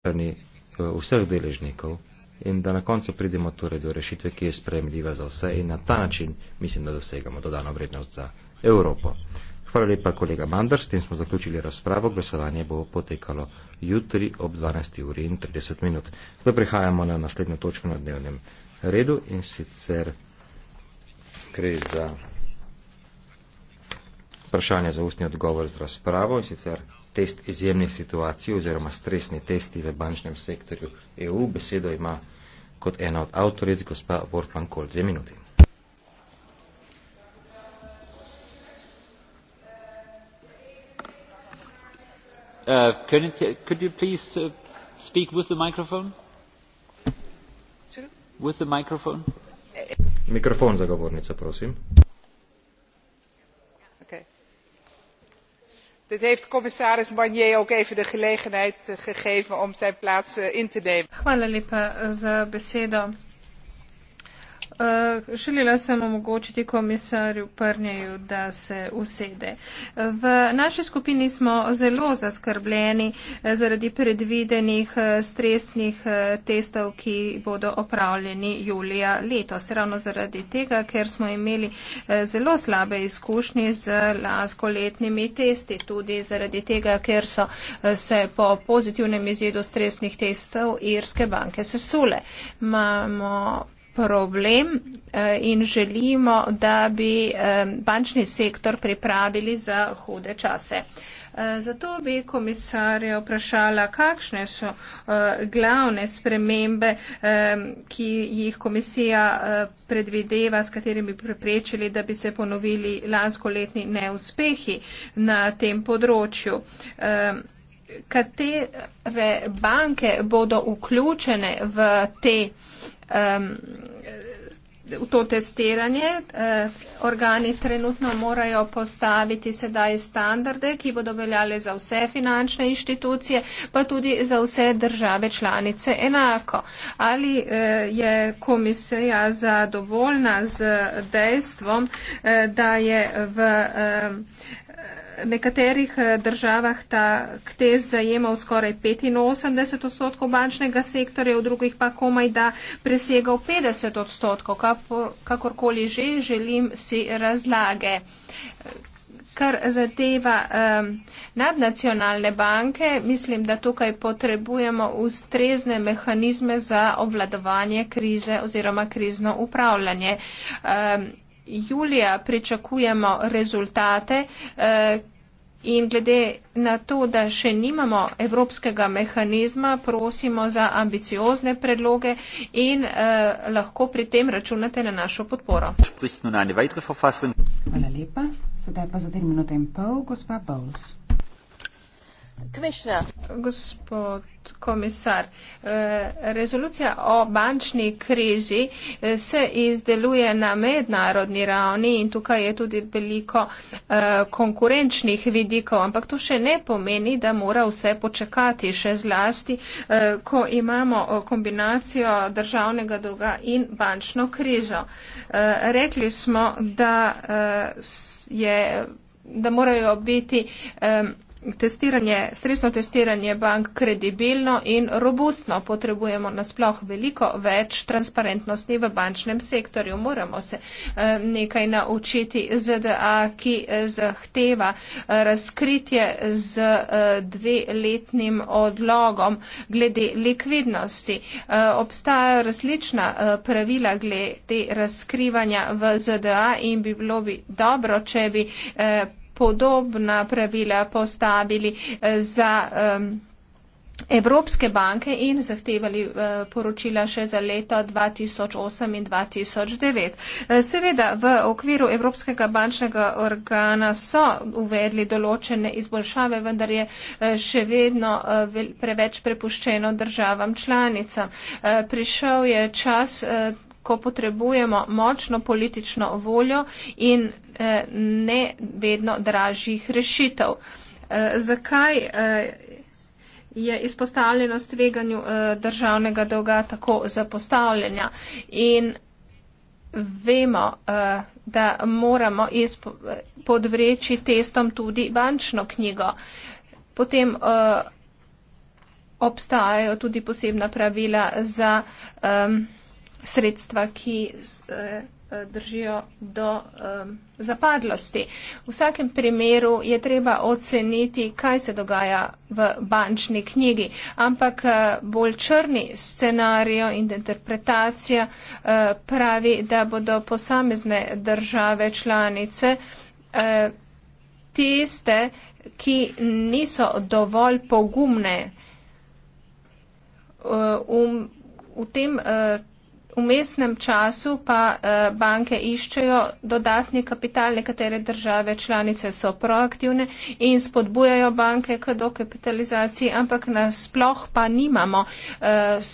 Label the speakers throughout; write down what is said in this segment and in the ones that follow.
Speaker 1: strani eh, vseh deležnikov in da na koncu pridemo torej do rešitve, ki je spremljiva za vse in na ta način mislim, da dosegamo dodano vrednost za Evropo. Hvala lepa kolega Mandar, s tem smo zaključili razpravo, glasovanje bo potekalo jutri ob 12. uri in 30 minut. Zdaj prehajamo na naslednjo točko na dnevnem redu in sicer gre za vprašanje za ustni odgovor z razpravo in sicer test izjemnih situacij oziroma stresni testi v bančnem sektorju EU. Besedo ima kot ena od avtoric gospa Wortman Kohl. Dve
Speaker 2: minuti. Uh, uh,
Speaker 1: Mikrofon za govornico, prosim.
Speaker 3: dit heeft commissaris barnier ook even de gelegenheid eh, gegeven om zijn plaats eh, in te nemen. Uh, želela sem omogočiti komisarju Prnjeju, da se usede. V naši skupini smo zelo zaskrbljeni eh, zaradi predvidenih eh, stresnih testov, ki bodo opravljeni julija letos. Ravno zaradi tega, ker smo imeli zelo slabe izkušnje z lanskoletnimi testi, tudi zaradi tega, ker so se po pozitivnem izjedu stresnih testov irske banke sesule. Mamo problem eh, in želimo, da bi eh, bančni sektor pripravili za hude čase. Eh, zato bi komisarja vprašala, kakšne so glavne spremembe, ki jih komisija predvideva, s katerimi preprečili, da bi se ponovili lanskoletni neuspehi na tem področju. Katere banke bodo vključene v te spremembe? um, v to testiranje. Uh, organi trenutno morajo postaviti sedaj standarde, ki bodo veljale za vse finančne inštitucije, pa tudi za vse države članice enako. Ali uh, je komisija zadovoljna z dejstvom, uh, da je v. Uh, nekaterih eh, državah ta ktes zajema v skoraj 85 odstotkov bančnega sektorja, v drugih pa komaj da presega 50 odstotkov. Kakorkoli že, želim si razlage. Kar zadeva um, nadnacionalne banke, mislim, da tukaj potrebujemo ustrezne mehanizme za obvladovanje krize oziroma krizno upravljanje. Um, julija pričakujemo rezultate. Eh, in glede na to, da še nimamo evropskega mehanizma, prosimo za ambiciozne predloge in eh, lahko pri tem računate na našo podporo.
Speaker 4: Hvala lepa. Sedaj pa za 3 minute in pol, gospa Bowles.
Speaker 3: Gospod komisar, eh, rezolucija o bančni krizi eh, se izdeluje na mednarodni ravni in tukaj je tudi veliko eh, konkurenčnih vidikov, ampak to še ne pomeni, da mora vse počakati še zlasti, ko imamo kombinacijo državnega dolga in bančno krizo. Rekli smo, da, je, da morajo biti testiranje, stresno testiranje bank kredibilno in robustno. Potrebujemo nasploh veliko več transparentnosti v bančnem sektorju. Moramo se eh, nekaj naučiti ZDA, ki eh, zahteva eh, razkritje z dveletnim odlogom glede likvidnosti. Obstajajo različna pravila glede razkrivanja v ZDA in bi bilo bi dobro, če bi podobna pravila postavili eh, za Evropske banke in zahtevali eh, poročila še za leto 2008 in 2009. Eh, seveda v okviru Evropskega bančnega organa so uvedli določene izboljšave, vendar je še vedno preveč prepuščeno državam članicam. Prišel je čas ko potrebujemo močno politično voljo in Eh, ne vedno dražjih rešitev. Eh, zakaj eh, je izpostavljenost veganju državnega dolga tako zapostavljena? In vemo, da moramo podvreči testom tudi bančno knjigo. Potem obstajajo tudi posebna pravila za sredstva, ki Eh, držijo do um, zapadlosti. V vsakem primeru je treba oceniti, kaj se dogaja v bančni knjigi, ampak eh, bolj črni scenarijo in interpretacija uh, pravi, da bodo posamezne države članice uh, tiste, ki niso dovolj pogumne uh, um, v tem uh, vmesnem času pa eh, banke iščejo dodatni kapital, nekatere države članice so proaktivne in spodbujajo banke k dokapitalizaciji, ampak nasploh pa nimamo eh,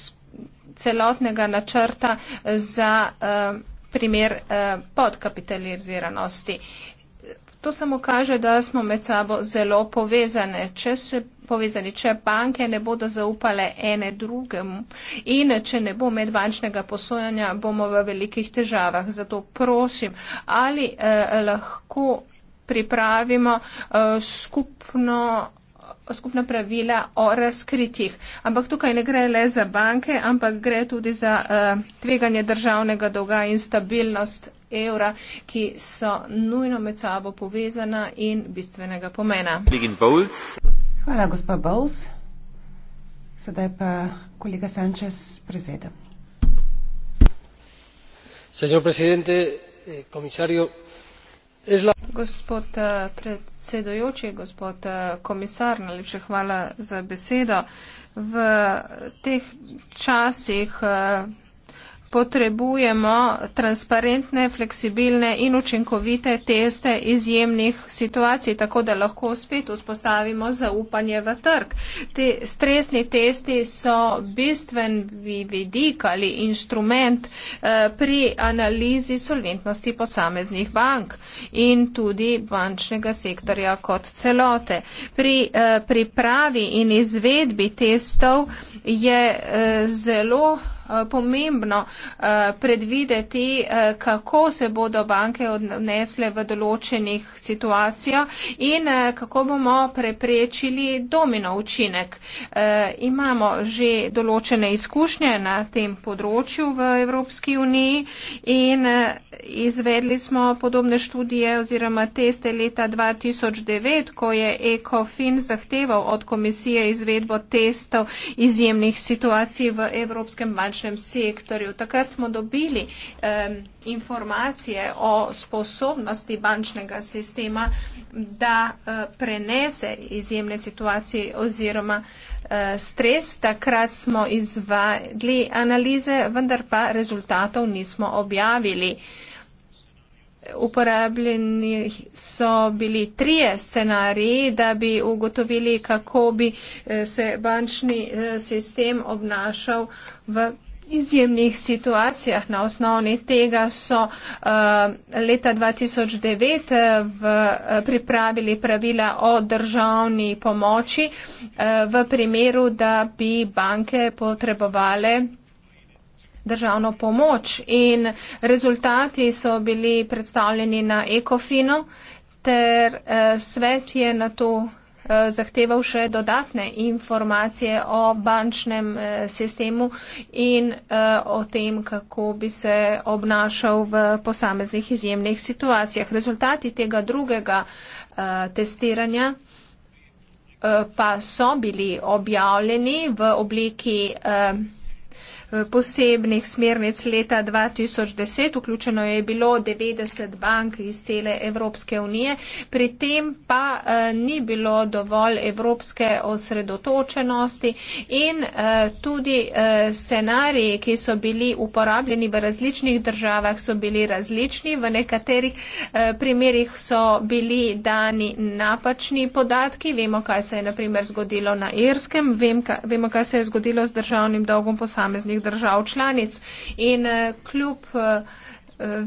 Speaker 3: celotnega načrta za eh, primer podkapitaliziranosti. To samo kaže, da smo med sabo zelo povezane. Če se povezani, če banke ne bodo zaupale ene drugemu in če ne bo medbančnega posojanja, bomo v velikih težavah. Zato prosim, ali eh, lahko pripravimo eh, skupno skupna pravila o razkritjih. Ampak tukaj ne gre le za banke, ampak gre tudi za uh, tveganje državnega dolga in stabilnost evra, ki so nujno med sabo povezana in bistvenega pomena.
Speaker 4: Hvala, gospa Bowles. Sedaj pa kolega Sanchez prezede.
Speaker 3: Eh, gospod eh, predsedojoči, gospod eh, komisar, najlepša hvala za besedo. V teh časih potrebujemo transparentne, fleksibilne in učinkovite teste izjemnih situacij, tako da lahko spet vzpostavimo zaupanje v trg. Te stresni testi so bistven vidik ali instrument eh, pri analizi solventnosti posameznih bank in tudi bančnega sektorja kot celote. Pri eh, pripravi in izvedbi testov je eh, zelo Eh, pomembno eh, predvideti, eh, kako se bodo banke odnesle v določenih situacijah in kako bomo preprečili domino učinek. Imamo že določene izkušnje na tem področju v Evropski uniji in izvedli smo podobne študije oziroma teste leta 2009, ko je ECOFIN zahteval od komisije izvedbo testov izjemnih situacij v Evropskem bančnem našem sektorju. Takrat smo dobili um, informacije o sposobnosti bančnega sistema, da uh, prenese izjemne situacije oziroma uh, stres. Takrat smo izvedli analize, vendar pa rezultatov nismo objavili. Uporabljeni so bili trije scenariji, da bi ugotovili, kako bi e, se bančni sistem obnašal v izjemnih situacijah. Na osnovni tega so uh, leta 2009 eh, v, eh, pripravili pravila o državni pomoči uh, v primeru, da bi banke potrebovale državno pomoč. In rezultati so bili predstavljeni na ECOFINO, ter uh, svet je na to Eh, zahteval še dodatne informacije o bančnem eh, sistemu in eh, o tem, kako bi se obnašal v posameznih izjemnih situacijah. Rezultati tega drugega testiranja pa so bili objavljeni v obliki eh, Eh, posebnih smernic leta 2010. Vključeno je bilo 90 bank iz cele Evropske unije, pri tem pa eh, ni bilo dovolj evropske osredotočenosti in eh, tudi scenariji, ki so bili uporabljeni v različnih državah, so bili različni. V nekaterih primerjih so bili dani napačni podatki. Vemo, kaj se je na primer zgodilo na Irskem, vemo, kaj se je zgodilo z državnim dolgom posameznih številnih držav članic. In eh, kljub eh,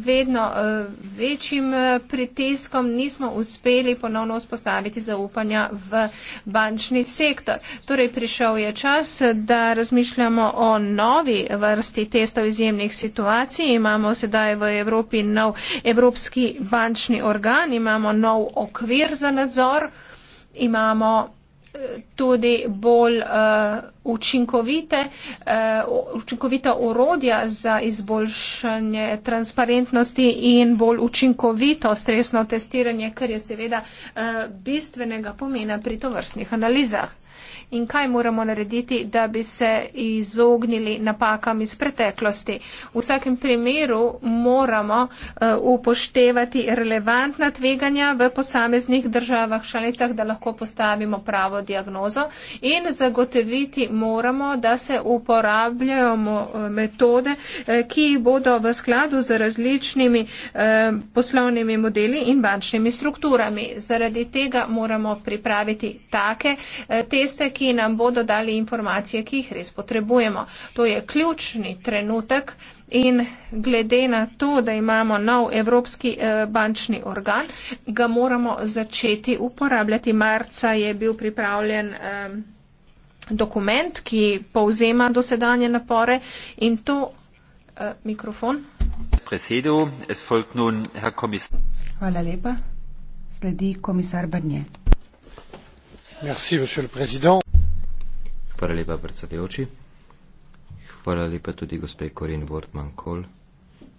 Speaker 3: vedno eh, večjim pritiskom nismo uspeli ponovno vzpostaviti zaupanja v bančni sektor. Torej prišel je čas, da razmišljamo o novi vrsti testov izjemnih situacij. Imamo sedaj v Evropi nov evropski bančni organ, imamo nov okvir za nadzor, imamo tudi bolj uh, učinkovite, uh, učinkovita urodja za izboljšanje transparentnosti in bolj učinkovito stresno testiranje, kar je seveda uh, bistvenega pomena pri tovrstnih analizah in kaj moramo narediti, da bi se izognili napakam iz preteklosti. V vsakem primeru moramo eh, upoštevati relevantna tveganja v posameznih državah šalicah, da lahko postavimo pravo diagnozo in zagotoviti moramo, da se uporabljajo eh, metode, eh, ki bodo v skladu z različnimi poslovnimi modeli in bančnimi strukturami. Zaradi tega moramo pripraviti take teste, ki nam bodo dali informacije, ki jih res potrebujemo. To je ključni trenutek in glede na to, da imamo nov Evropski eh, bančni organ, ga moramo začeti uporabljati. Marca je bil pripravljen eh, dokument, ki povzema dosedanje napore in to eh, mikrofon. Hvala lepa. Sledi komisar Barnier.
Speaker 2: Merci, monsieur le président. Hvala lepa, predsedujoči.
Speaker 1: Hvala lepa tudi gospe Corinne Wortman-Kohl,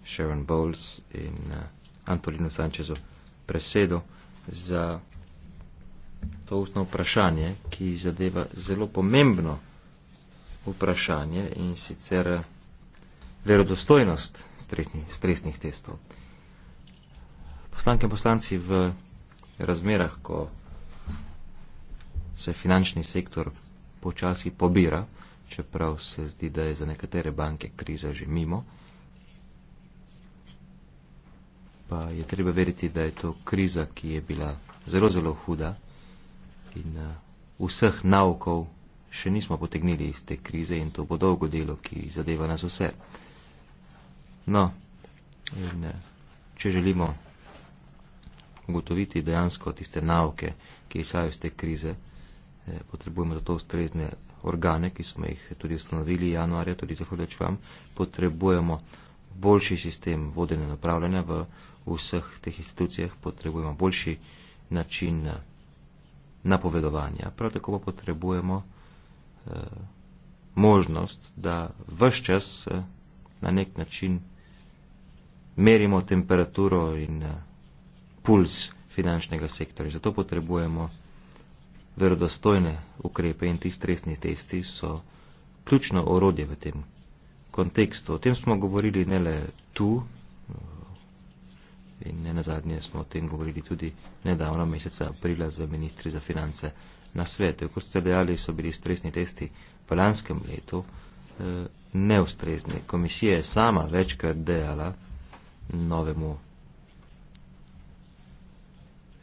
Speaker 1: Sharon Bowles in uh, eh, Antolino Sančezu presedo za to ustno vprašanje, ki zadeva zelo pomembno vprašanje in sicer eh, verodostojnost stresnih testov. Poslanke in poslanci v razmerah, ko se finančni sektor počasi pobira, čeprav se zdi, da je za nekatere banke kriza že mimo. Pa je treba veriti, da je to kriza, ki je bila zelo, zelo huda in eh, vseh naukov še nismo potegnili iz te krize in to bo dolgo delo, ki zadeva nas vse. No, in eh, če želimo ugotoviti dejansko tiste nauke, ki izhajajo iz te krize, Eh, potrebujemo za to ustrezne organe, ki smo jih tudi ustanovili januarja, tudi zahvaljujoč vam, potrebujemo boljši sistem vodenja in upravljanja v vseh teh institucijah, potrebujemo boljši način eh, napovedovanja, prav tako pa potrebujemo eh, možnost, da vse čas eh, na nek način merimo temperaturo in eh, puls finančnega sektorja. Zato potrebujemo verodostojne ukrepe in ti stresni testi so ključno orodje v tem kontekstu. O tem smo govorili ne le tu eh, in ne na zadnje smo o tem govorili tudi nedavno meseca aprila za ministri za finance na svete. Kot ste dejali, so bili stresni testi v lanskem letu eh, neustrezni. Komisija je sama večkrat dejala novemu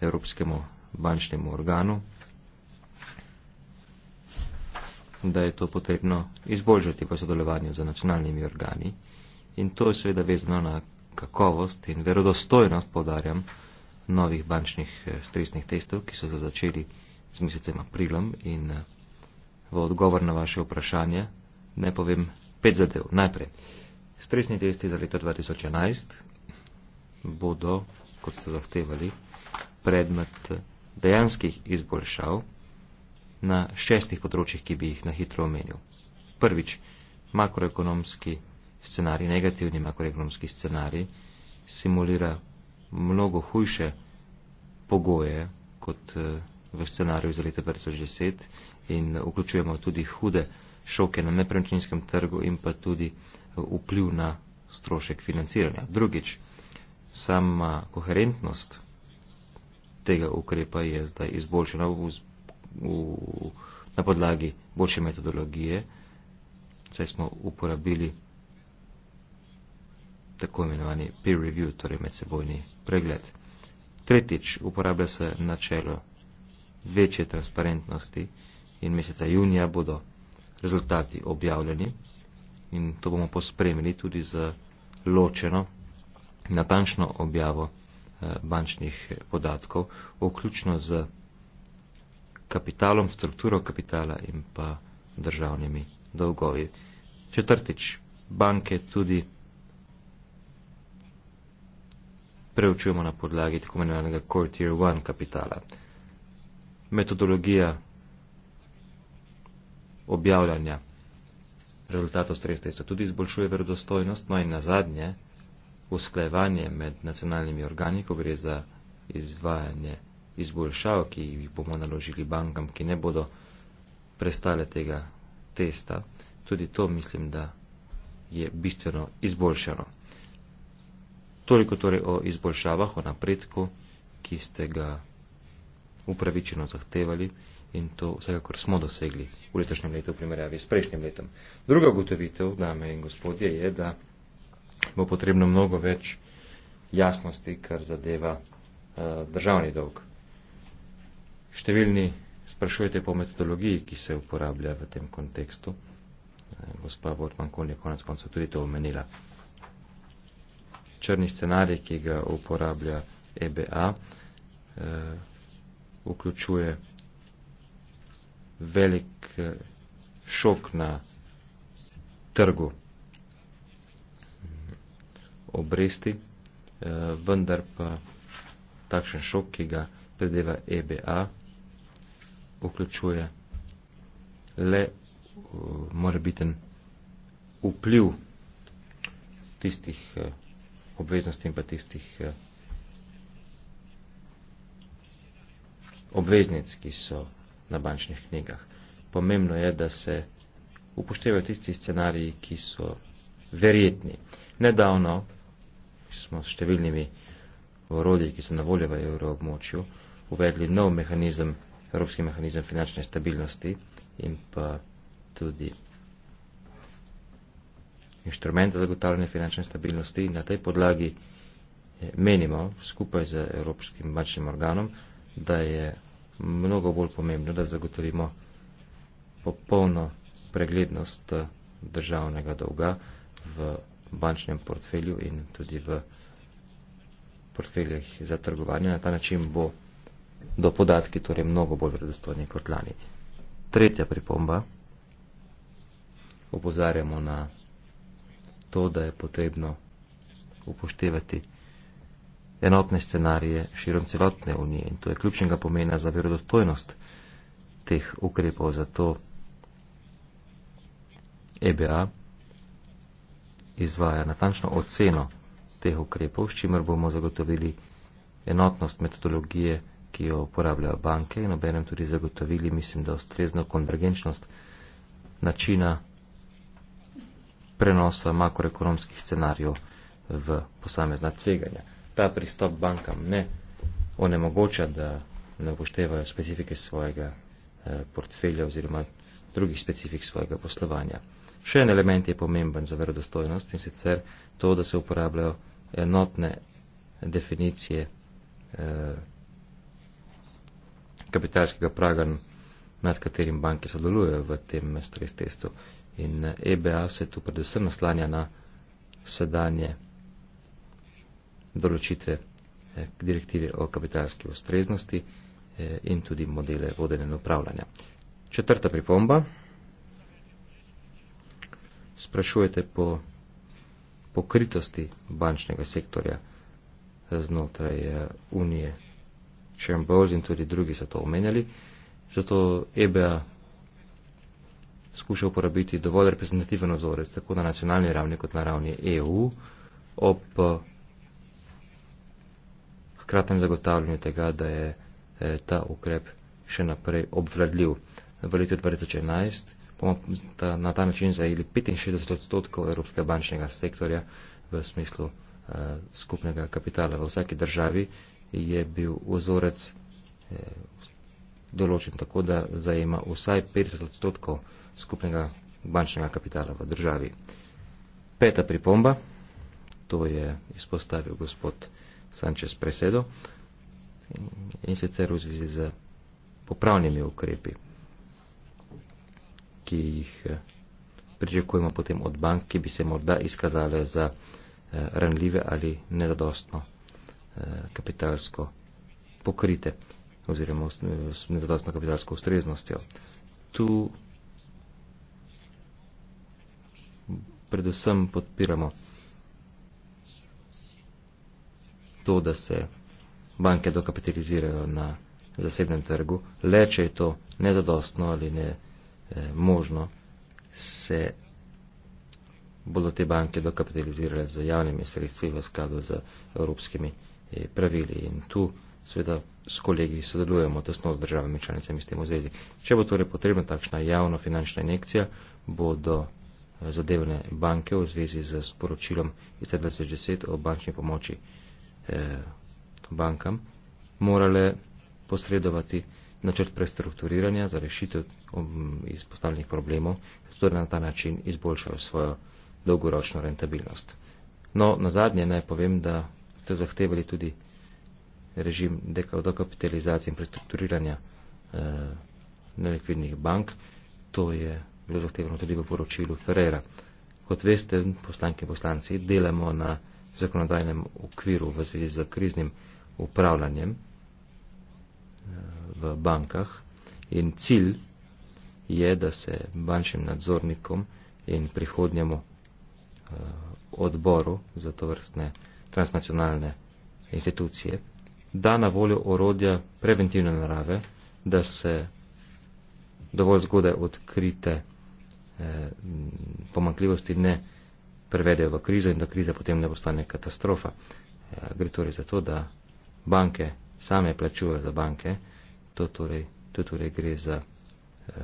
Speaker 1: evropskemu bančnemu organu, da je to potrebno izboljšati v sodelovanju z nacionalnimi organi in to je seveda vezano na kakovost in verodostojnost, povdarjam, novih bančnih eh, stresnih testov, ki so se začeli z mesecem aprilom in eh, v odgovor na vaše vprašanje ne povem pet zadev. Najprej, stresni testi za leto 2011 bodo, kot ste zahtevali, predmet eh, dejanskih izboljšav na šestih področjih, ki bi jih na hitro omenil. Prvič, makroekonomski scenarij, negativni makroekonomski scenarij simulira mnogo hujše pogoje kot eh, v scenariju za leta 2010 in vključujemo tudi hude šoke na nepremičninskem trgu in pa tudi eh, vpliv na strošek financiranja. Drugič, sama koherentnost tega ukrepa je zdaj izboljšena v v, na podlagi boljše metodologije, saj smo uporabili tako imenovani peer review, torej medsebojni pregled. Tretjič, uporablja se načelo večje transparentnosti in meseca junija bodo rezultati objavljeni in to bomo pospremili tudi z ločeno, natančno objavo eh, bančnih podatkov, vključno z kapitalom, strukturo kapitala in pa državnimi dolgovi. Četrtič, banke tudi preučujemo na podlagi tako imenovanega Core Tier 1 kapitala. Metodologija objavljanja rezultatov stresa tudi izboljšuje verodostojnost, no in nazadnje usklajevanje med nacionalnimi organi, ko gre za izvajanje izboljšav, ki jih bomo naložili bankam, ki ne bodo prestale tega testa, tudi to mislim, da je bistveno izboljšano. Toliko torej o izboljšavah, o napredku, ki ste ga upravičeno zahtevali in to vsekakor smo dosegli v letošnjem letu v primerjavi s prejšnjim letom. Druga ugotovitev, dame in gospodje, je, da bo potrebno mnogo več jasnosti, kar zadeva uh, državni dolg. Številni sprašujete po metodologiji, ki se uporablja v tem kontekstu. Eh, gospa Vortman-Kolj je konec koncev tudi to omenila. Črni scenarij, ki ga uporablja EBA, eh, vključuje velik eh, šok na trgu obresti, vendar pa takšen šok, ki ga predeva EBA, vključuje le eh, morebiten vpliv tistih eh, obveznosti in pa tistih eh, obveznic, ki so na bančnih knjigah. Pomembno je, da se upoštevajo tisti scenariji, ki so verjetni. Nedavno smo s številnimi orodji, ki so na voljo v evroobmočju, uvedli nov mehanizem Evropski mehanizem finančne stabilnosti in pa tudi inštrument za zagotavljanje finančne stabilnosti. In na tej podlagi menimo skupaj z Evropskim bančnim organom, da je mnogo bolj pomembno, da zagotovimo popolno preglednost državnega dolga v bančnem portfelju in tudi v portfeljih za trgovanje. Na ta način bo do podatki torej mnogo bolj vredostojni kot lani. Tretja pripomba, opozarjamo na to, da je potrebno upoštevati enotne scenarije širom celotne unije in to je ključnega pomena za verodostojnost teh ukrepov, zato EBA izvaja natančno oceno teh ukrepov, s čimer bomo zagotovili enotnost metodologije ki jo uporabljajo banke in obenem tudi zagotovili, mislim, da ustrezno konvergenčnost načina prenosa makroekonomskih scenarijev v posamezna tveganja. Ta pristop bankam ne onemogoča, da ne upoštevajo specifike svojega eh, portfelja oziroma drugih specifik svojega poslovanja. Še en element je pomemben za verodostojnost in sicer to, da se uporabljajo enotne definicije eh, kapitalskega praga, nad katerim banke sodelujejo v tem stres testu. In EBA eh, e se tu predvsem naslanja na sedanje določitve eh, direktive o kapitalski ustreznosti eh, in tudi modele vodenja in upravljanja. Četrta pripomba. Sprašujete po pokritosti bančnega sektorja znotraj Unije Sharon Bowles in tudi drugi so to omenjali. Zato EBA skuša uporabiti dovolj reprezentativen ozorec, tako na nacionalni ravni kot na ravni EU, ob hkratnem zagotavljanju tega, da je eh, ta ukrep še naprej obvladljiv. V letu 2011 bomo na ta način zajeli 65 odstotkov evropskega bančnega sektorja v smislu eh, skupnega kapitala v vsaki državi je bil vzorec eh, določen tako, da zajema vsaj 50 odstotkov skupnega bančnega kapitala v državi. Peta pripomba, to je izpostavil gospod Sanchez Presedo in sicer v zvezi z popravnimi ukrepi, ki jih eh, pričakujemo potem od bank, ki bi se morda izkazale za eh, ranljive ali nedostno Eh, kapitalsko pokrite oziroma s nedodatno kapitalsko ustreznostjo. Tu predvsem podpiramo to, da se banke dokapitalizirajo na zasebnem trgu, le če je to nezadostno ali ne eh, možno, se bodo te banke dokapitalizirale z javnimi sredstvi v skladu z evropskimi eh, Eh, pravili in tu seveda s kolegi sodelujemo tesno z državami članicami s tem v zvezi. Če bo torej potrebna takšna javno finančna injekcija, bodo eh, zadevne banke v zvezi z sporočilom iz 2010 o bančni pomoči eh, bankam morale posredovati načrt prestrukturiranja za rešitev um, izpostavljenih problemov, zato da na ta način izboljšajo svojo dolgoročno rentabilnost. No, na zadnje naj povem, da ste zahtevali tudi režim dokapitalizacije in prestrukturiranja eh, nelikvidnih bank. To je bilo zahtevano tudi v poročilu Ferrera. Kot veste, poslanke in poslanci, delamo na zakonodajnem okviru v zvezi z kriznim upravljanjem eh, v bankah in cilj je, da se bančnim nadzornikom in prihodnjemu eh, odboru za to vrstne. Eh, transnacionalne institucije, da na voljo orodja preventivne narave, da se dovolj zgodaj odkrite eh, pomankljivosti ne prevedejo v krizo in da kriza potem ne postane katastrofa. Ja, gre torej za to, da banke same plačujejo za banke, to torej, to torej gre za eh,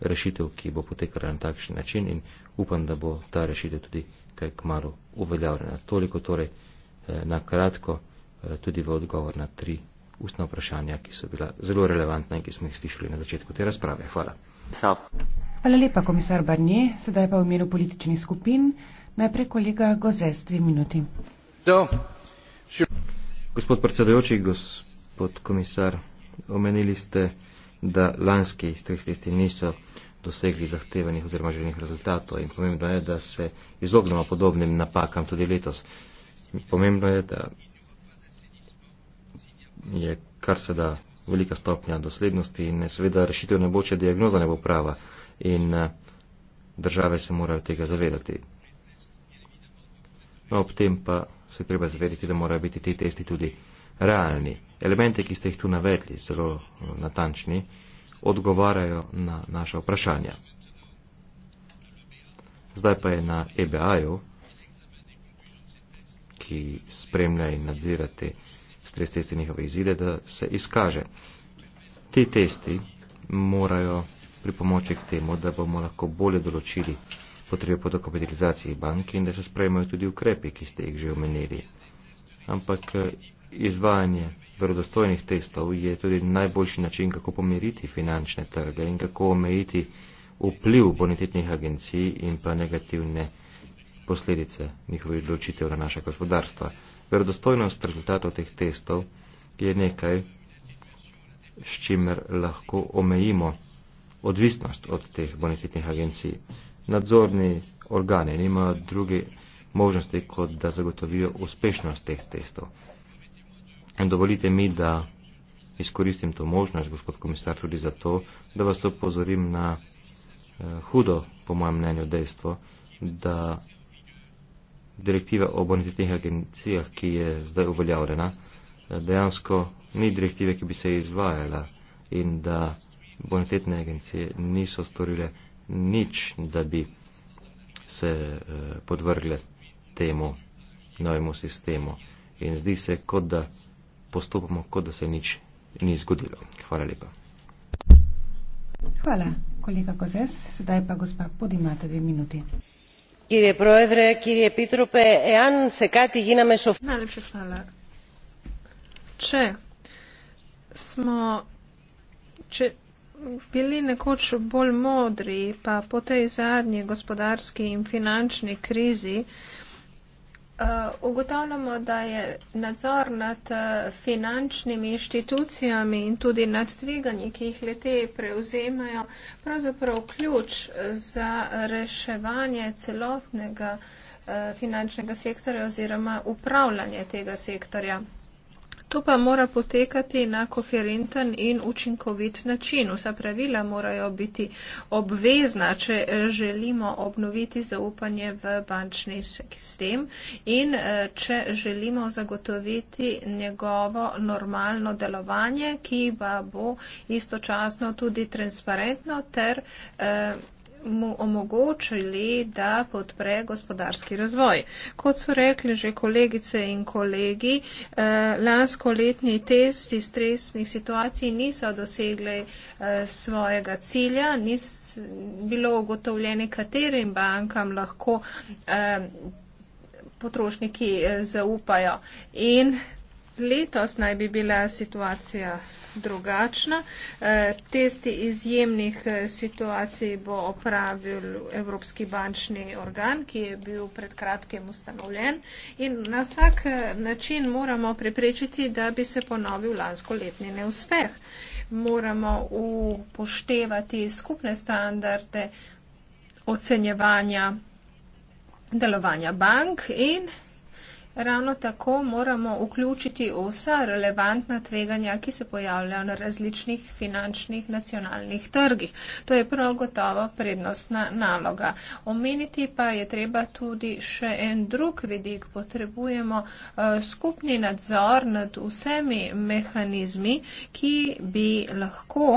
Speaker 1: rešitev, ki bo potekala na takšen način in upam, da bo ta rešitev tudi kaj kmalo uveljavljena. Toliko torej eh, na kratko eh, tudi v odgovor na tri ustna vprašanja, ki so bila zelo relevantna in ki smo jih slišali na začetku te razprave.
Speaker 2: Hvala. Sof.
Speaker 4: Hvala lepa, komisar Barnje. Sedaj pa v imenu političnih skupin. Najprej kolega Gozest, dve minuti.
Speaker 2: Do. Gospod
Speaker 1: predsedojoči, gospod komisar, omenili ste da lanski strihtisti niso dosegli zahtevanih oziroma željenih rezultatov. In pomembno je, da se izognemo podobnim napakam tudi letos. Pomembno je, da je kar se da velika stopnja doslednosti in seveda rešitev ne bo, če diagnoza ne bo prava in eh, države se morajo tega zavedati. No, ob tem pa se treba zavedati, da morajo biti ti testi tudi realni elemente, ki ste jih tu navedli, zelo eh, natančni, odgovarjajo na naše vprašanja. Zdaj pa je na EBA-ju, ki spremlja in nadzira te stres teste njihove izide, da se izkaže. Ti testi morajo pripomoči k temu, da bomo lahko bolje določili potrebe po dokapitalizaciji bank in da se sprejmejo tudi ukrepi, ki ste jih že omenili. Ampak eh, izvajanje verodostojnih testov je tudi najboljši način, kako pomiriti finančne trge in kako omejiti vpliv bonitetnih agencij in pa negativne posledice njihovih odločitev na naše gospodarstva. Verodostojnost rezultatov teh testov je nekaj, s čimer lahko omejimo odvisnost od teh bonitetnih agencij. Nadzorni organi nimajo druge možnosti, kot da zagotovijo uspešnost teh testov dovolite mi, da izkoristim to možnost, gospod komisar, tudi za to, da vas opozorim na eh, hudo, po mojem mnenju, dejstvo, da direktiva o bonitetnih agencijah, ki je zdaj uveljavljena, eh, dejansko ni direktive, ki bi se izvajala in da bonitetne agencije niso storile nič, da bi se eh, podvrgle temu novemu sistemu. In zdi se, kot da postopamo, kot da se nič ni zgodilo. Hvala lepa.
Speaker 4: Hvala, kolega Kozes. Sedaj pa gospa Podimata dve minuti. Kirje proedre,
Speaker 3: kirje pitrupe, ean se kati gina mešov. Najlepša hvala. Če smo če bili nekoč bolj modri, pa po tej zadnji gospodarski in finančni krizi, eh, Eh, ugotavljamo, da je nadzor nad eh, finančnimi inštitucijami in tudi nad tveganji, ki jih lete prevzemajo, pravzaprav ključ za reševanje celotnega eh, finančnega sektorja oziroma upravljanje tega sektorja. To pa mora potekati na koherenten in učinkovit način. Vsa pravila morajo biti obvezna, če želimo obnoviti zaupanje v bančni sistem in eh, če želimo zagotoviti njegovo normalno delovanje, ki pa bo istočasno tudi transparentno ter. Eh, mu omogočili, da podpre gospodarski razvoj. Kot so rekli že kolegice in kolegi, eh, lansko letni testi stresnih situacij niso dosegli eh, svojega cilja, niso bilo ugotovljeni, katerim bankam lahko eh, potrošniki zaupajo. In Letos naj bi bila situacija drugačna. E, testi izjemnih e, situacij bo opravil Evropski bančni organ, ki je bil pred kratkem ustanovljen in na vsak e, način moramo preprečiti, da bi se ponovil lansko letni neuspeh. Moramo upoštevati skupne standarde ocenjevanja delovanja bank in Ravno tako moramo vključiti vsa relevantna tveganja, ki se pojavljajo na različnih finančnih nacionalnih trgih. To je prav gotovo prednostna naloga. Omeniti pa je treba tudi še en drug vidik. Potrebujemo eh, skupni nadzor nad vsemi mehanizmi, ki bi lahko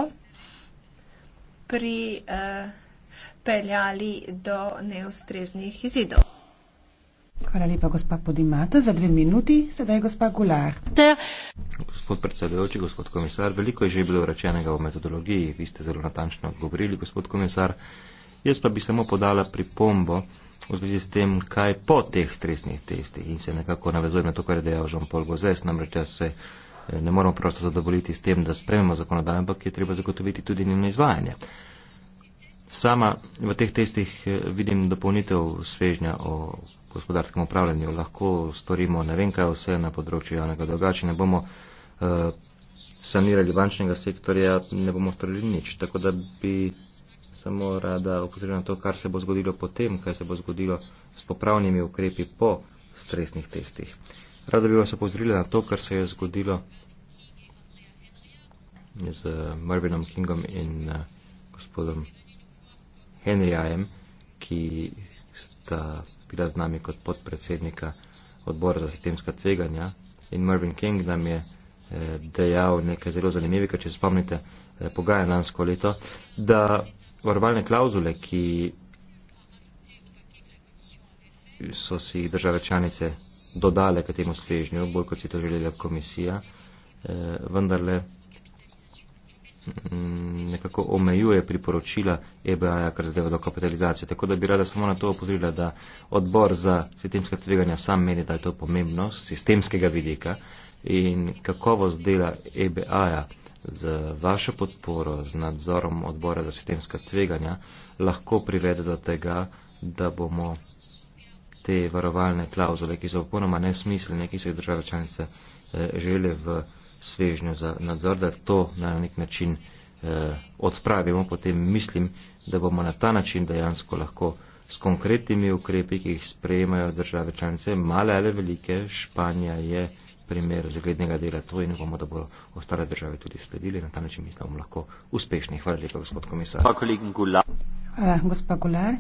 Speaker 3: pri eh, peljali do neustreznih izidov.
Speaker 4: Hvala lepa, gospa Podimata, za dve minuti. Sedaj je gospa Gular.
Speaker 1: Gospod predsedujoči, gospod komisar, veliko je že bilo rečenega o metodologiji. Vi ste zelo natančno govorili, gospod komisar. Jaz pa bi samo podala pripombo v zvezi s tem, kaj po teh stresnih testih in se nekako navezujem na to, kar je dejal Jean-Paul Gozes, namreč se eh, ne moramo prosto zadovoljiti s tem, da sprememo zakonodajo, ampak je treba zagotoviti tudi njeno izvajanje. Sama v teh testih eh, vidim dopolnitev svežnja o gospodarskem upravljanju. Lahko storimo ne vem kaj vse na področju javnega drugače, ne bomo uh, sanirali bančnega sektorja, ne bomo storili nič. Tako da bi samo rada opozorila na to, kar se bo zgodilo potem, kaj se bo zgodilo s popravnimi ukrepi po stresnih testih. Rada bi vas opozorila na to, kar se je zgodilo z Marvinom Kingom in uh, gospodom. Henrijajem, ki sta bila z nami kot podpredsednika odbora za sistemska tveganja. In Mervyn King nam je eh, dejal nekaj zelo zanimivega, če se spomnite, eh, pogajanj lansko leto, da varovalne klauzule, ki so si jih države članice dodale k temu svežnju, bolj kot si to želela komisija, eh, vendarle Mm, nekako omejuje priporočila EBA-ja, kar zdaj vedo kapitalizacijo. Tako da bi rada samo na to opozorila, da odbor za sistemska tveganja sam meni, da je to pomembno z sistemskega vidika in kakovost dela EBA-ja z vašo podporo, z nadzorom odbora za sistemska tveganja lahko privede do tega, da bomo te varovalne klauzule, ki so popolnoma nesmiselne, ki so jih države članice eh, želeli v svežnju za nadzor, da to na nek način eh, odpravimo, potem mislim, da bomo na ta način dejansko lahko s konkretnimi ukrepi, ki jih sprejemajo države članice, male ali velike, Španija je primer zglednega dela to in bomo, da bodo ostale države tudi sledili. Na ta način mislim, da bomo lahko uspešni. Hvala lepa, gospod komisar.
Speaker 2: Pa kolegin Gular.
Speaker 4: Uh, gospa Gular.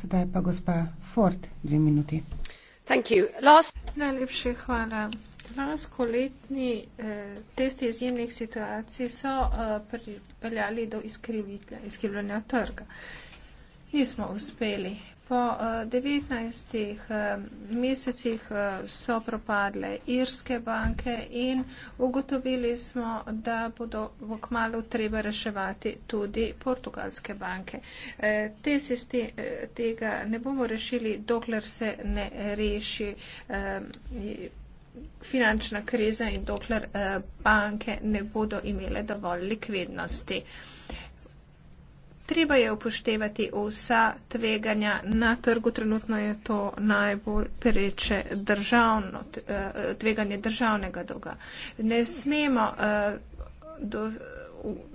Speaker 4: Sedaj pa gospa Ford, dve minuti.
Speaker 3: Last... Najlepše hvala. Lanskoletni eh, testi izjemnih situacij so eh, pripeljali do izkrivljanja trga. Nismo uspeli po uh, 19 uh, mesecih uh, so propadle irske banke in ugotovili smo, da bodo v kmalu treba reševati tudi portugalske banke. Uh, te sistem, uh, tega ne bomo rešili, dokler se ne reši. Uh, finančna kriza in dokler eh, banke ne bodo imele dovolj likvidnosti. Eh, Treba je upoštevati vsa tveganja na trgu. Trenutno je to najbolj pereče državno, eh, tveganje državnega dolga. Ne smemo eh, do,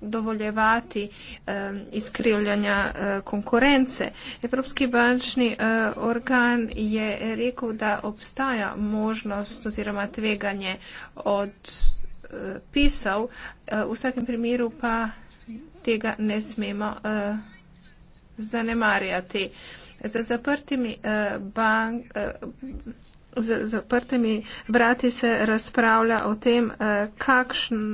Speaker 3: dovoljevati eh, izkrivljanja konkurence. Evropski bančni organ je rekel, da obstaja možnost oziroma tveganje od pisal. V vsakem primeru pa tega ne smemo uh, zanemarjati. Za zaprtimi, uh, bank, uh, eh, za zaprtimi vrati se razpravlja o tem, uh, kakšen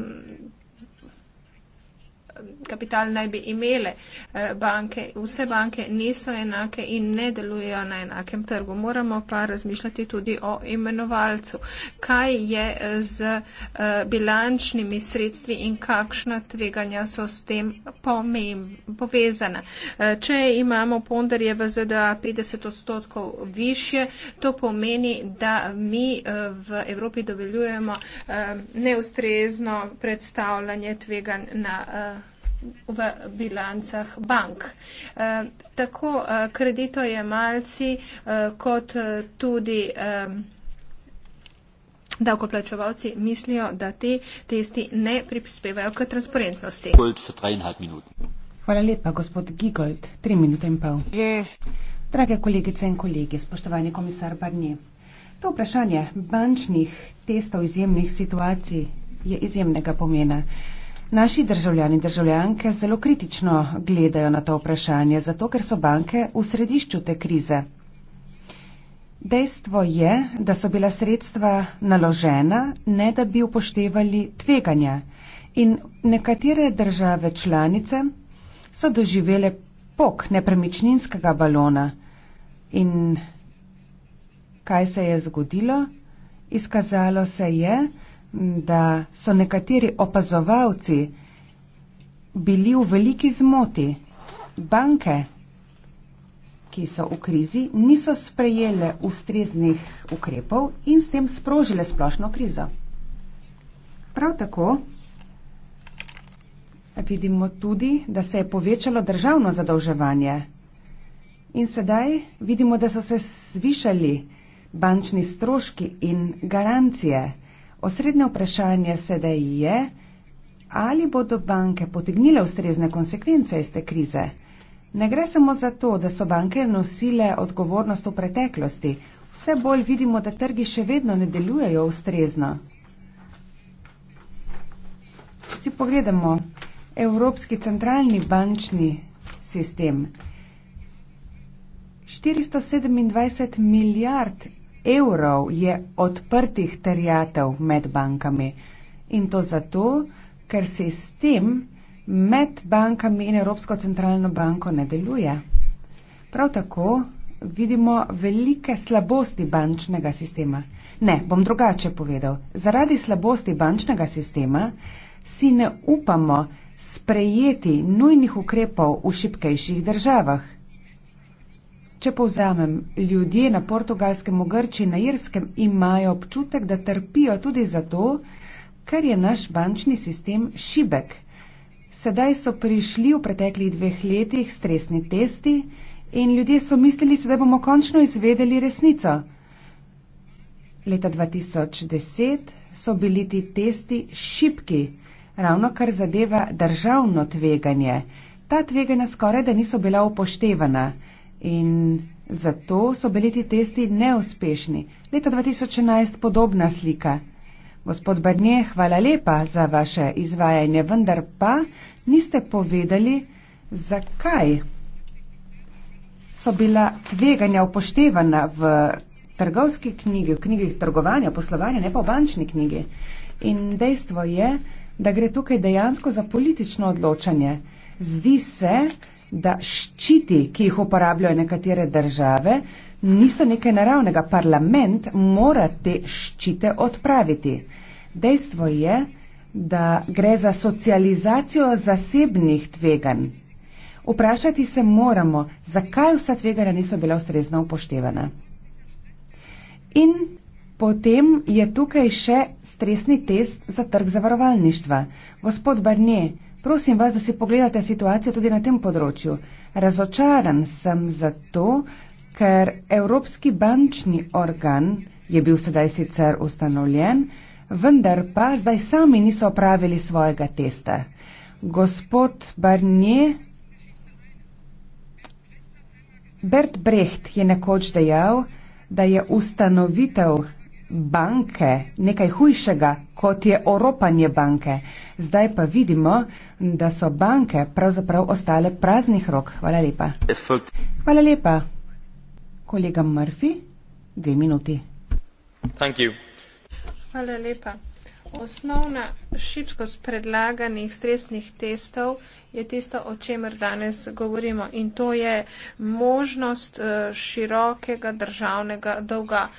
Speaker 3: kapital naj bi imele eh, banke. Vse banke niso enake in ne delujejo na enakem trgu. Moramo pa razmišljati tudi o imenovalcu. Kaj je eh, z eh, bilančnimi sredstvi in kakšna tveganja so s tem povezana? Če imamo ponderje v ZDA 50 odstotkov više, to pomeni, da mi v Evropi dovoljujemo neustrezno predstavljanje tveganj na v bilancah bank. Eh, tako eh, kreditojemalci eh, kot tudi davkoplačevalci mislijo, da ti testi ne prispevajo k transparentnosti.
Speaker 4: Hvala lepa, gospod Gigold. Tri minute in pol. Je. Drage kolegice in kolegi, spoštovani komisar Barnier, to vprašanje bančnih testov izjemnih situacij je izjemnega pomena. Naši državljani in državljanke zelo kritično gledajo na to vprašanje, zato ker so banke v središču te krize. Dejstvo je, da so bila sredstva naložena, ne da bi upoštevali tveganja. In nekatere države članice so doživele pok nepremičninskega balona. In kaj se je zgodilo? Izkazalo se je, da so nekateri opazovalci bili v veliki zmoti. Banke, ki so v krizi, niso sprejele ustreznih ukrepov in s tem sprožile splošno krizo. Prav tako vidimo tudi, da se je povečalo državno zadolževanje. In sedaj vidimo, da so se zvišali bančni stroški in garancije. Osrednje vprašanje sedaj je, ali bodo banke potegnile ustrezne konsekvence iz te krize. Ne gre samo za to, da so banke nosile odgovornost v preteklosti, vse bolj vidimo, da trgi še vedno ne delujejo ustrezno. Vsi pogledamo Evropski centralni bančni sistem. 427 milijard evrov je odprtih terjatev med bankami. In to zato, ker sistem med bankami in Evropsko centralno banko ne deluje. Prav tako vidimo velike slabosti bančnega sistema. Ne, bom drugače povedal. Zaradi slabosti bančnega sistema si ne upamo sprejeti nujnih ukrepov v šipkejših državah. Če povzamem, ljudje na portugalskem, v Grči, na Irskem imajo občutek, da trpijo tudi zato, ker je naš bančni sistem šibek. Sedaj so prišli v preteklih dveh letih stresni testi in ljudje so mislili, da bomo končno izvedeli resnico. Leta 2010 so bili ti testi šibki, ravno kar zadeva državno tveganje. Ta tveganja skoraj da niso bila upoštevana. In zato so bili ti testi neuspešni. Leto 2011 podobna slika. Gospod Barnje, hvala lepa za vaše izvajanje, vendar pa niste povedali, zakaj so bila tveganja upoštevana v trgovski knjigi, v knjigih trgovanja, poslovanja, ne pa v bančni knjigi. In dejstvo je, da gre tukaj dejansko za politično odločanje. Zdi se, da ščiti, ki jih uporabljajo nekatere države, niso nekaj naravnega. Parlament mora te ščite odpraviti. Dejstvo je, da gre za socializacijo zasebnih tveganj. Vprašati se moramo, zakaj vsa tveganja niso bila ustrezno upoštevana. In potem je tukaj še stresni test za trg zavarovalništva. Gospod Barnier, Prosim vas, da si pogledate situacijo tudi na tem področju. Razočaran sem zato, ker Evropski bančni organ je bil sedaj sicer ustanovljen, vendar pa zdaj sami niso opravili svojega testa. Gospod Barnier, Bert Brecht je nekoč dejal, da je ustanovitev banke nekaj hujšega, kot je oropanje banke. Zdaj pa vidimo, da so banke pravzaprav ostale praznih rok. Hvala lepa. Hvala lepa. Kolega Murphy, dve minuti.
Speaker 3: Hvala lepa. Osnovna šibkost predlaganih stresnih testov je tisto, o čemer danes govorimo in to je možnost eh, širokega državnega dolga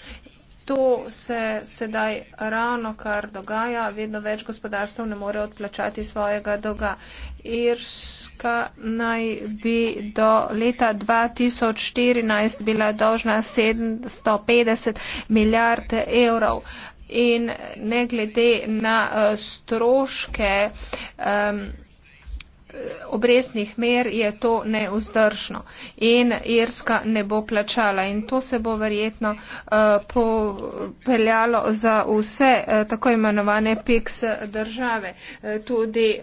Speaker 3: to se sedaj ravno kar dogaja, vedno več gospodarstv ne more odplačati svojega dolga. Irska naj bi do leta 2014 bila dolžna 750 milijard evrov. In ne glede na eh, stroške. Um, obrestnih mer je to neuzdržno in Irska ne bo plačala in to se bo verjetno eh, popeljalo za vse eh, tako imenovane PIX države, eh, tudi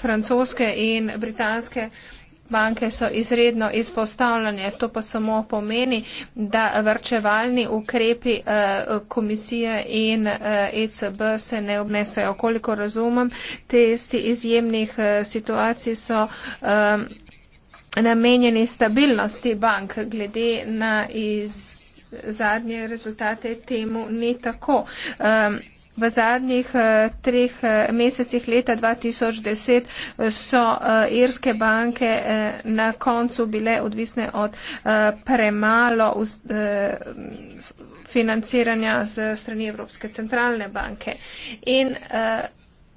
Speaker 3: francoske in britanske banke so izredno izpostavljene. To pa samo pomeni, da vrčevalni ukrepi eh, komisije in ECB eh, e se ne obnesajo. Koliko razumem, testi izjemnih eh, situacij so namenjeni stabilnosti bank glede na iz. Zadnje rezultate temu ni tako. Um, V zadnjih eh, treh eh, mesecih leta 2010 eh, so irske banke na koncu bile odvisne od premalo financiranja z strani Evropske centralne banke. In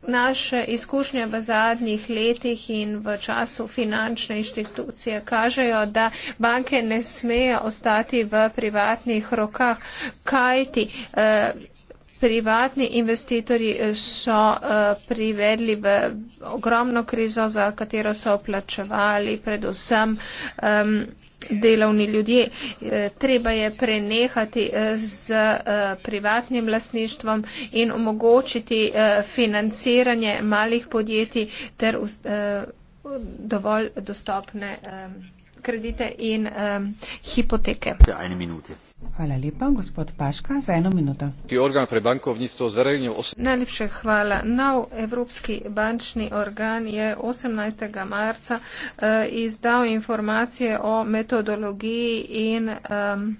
Speaker 3: naše izkušnje v zadnjih letih in v času finančne inštitucije kažejo, da banke ne smejo ostati v privatnih rokah, kajti privatni investitorji eh, so eh, privedli v ogromno krizo, za katero so plačevali predvsem delovni ljudje. Eh, treba je prenehati z privatnim lasništvom in omogočiti financiranje malih podjetij ter dovolj dostopne kredite in hipoteke. Ja, Hvala lepa, gospod Paška, za eno minuto. Ti organ pre bankovnictvo zverejnil osem... Najlepše hvala. Nov Evropski bančni organ je 18. marca uh, izdal informacije o metodologiji in um,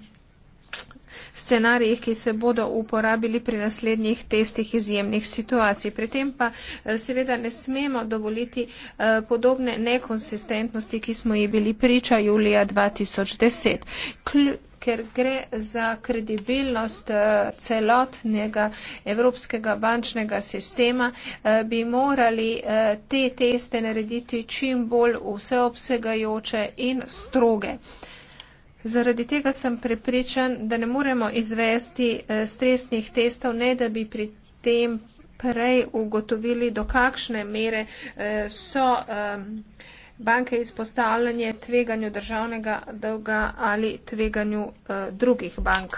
Speaker 3: scenarijih, ki se bodo uporabili pri naslednjih testih izjemnih situacij. Pri tem pa eh, seveda ne smemo dovoliti eh, podobne nekonsistentnosti, ki smo ji bili priča julija 2010. Klju ker gre za kredibilnost eh, celotnega evropskega bančnega sistema, eh, bi morali eh, te teste narediti čim bolj vseobsegajoče in stroge. Zaradi tega sem prepričan, da ne moremo izvesti stresnih testov, ne da bi pri tem prej ugotovili, do kakšne mere so. Ehm, banke izpostavljanje tveganju državnega dolga ali tveganju uh, drugih bank.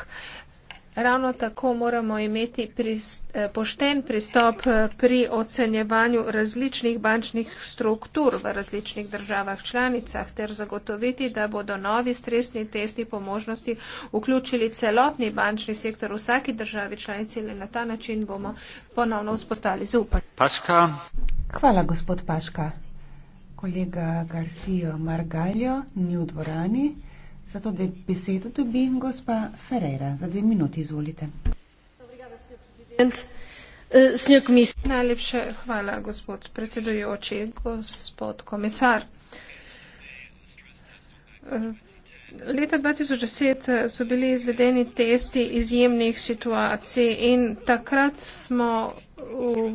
Speaker 3: Ravno tako moramo imeti prist, uh, eh, pošten pristop eh, pri ocenjevanju različnih bančnih struktur v različnih državah članicah ter zagotoviti, da bodo novi stresni testi po možnosti vključili celotni bančni sektor v vsaki državi članici in na ta način bomo ponovno vzpostavili zaupanje.
Speaker 4: Paška. Hvala, gospod Paška kolega Garcijo Margaljo ni v dvorani, zato da besedo dobim gospa Ferreira. Za dve minuti izvolite.
Speaker 3: Najlepša hvala, gospod predsedujoči, gospod komisar. Leta 2010 so bili izvedeni testi izjemnih situacij in takrat smo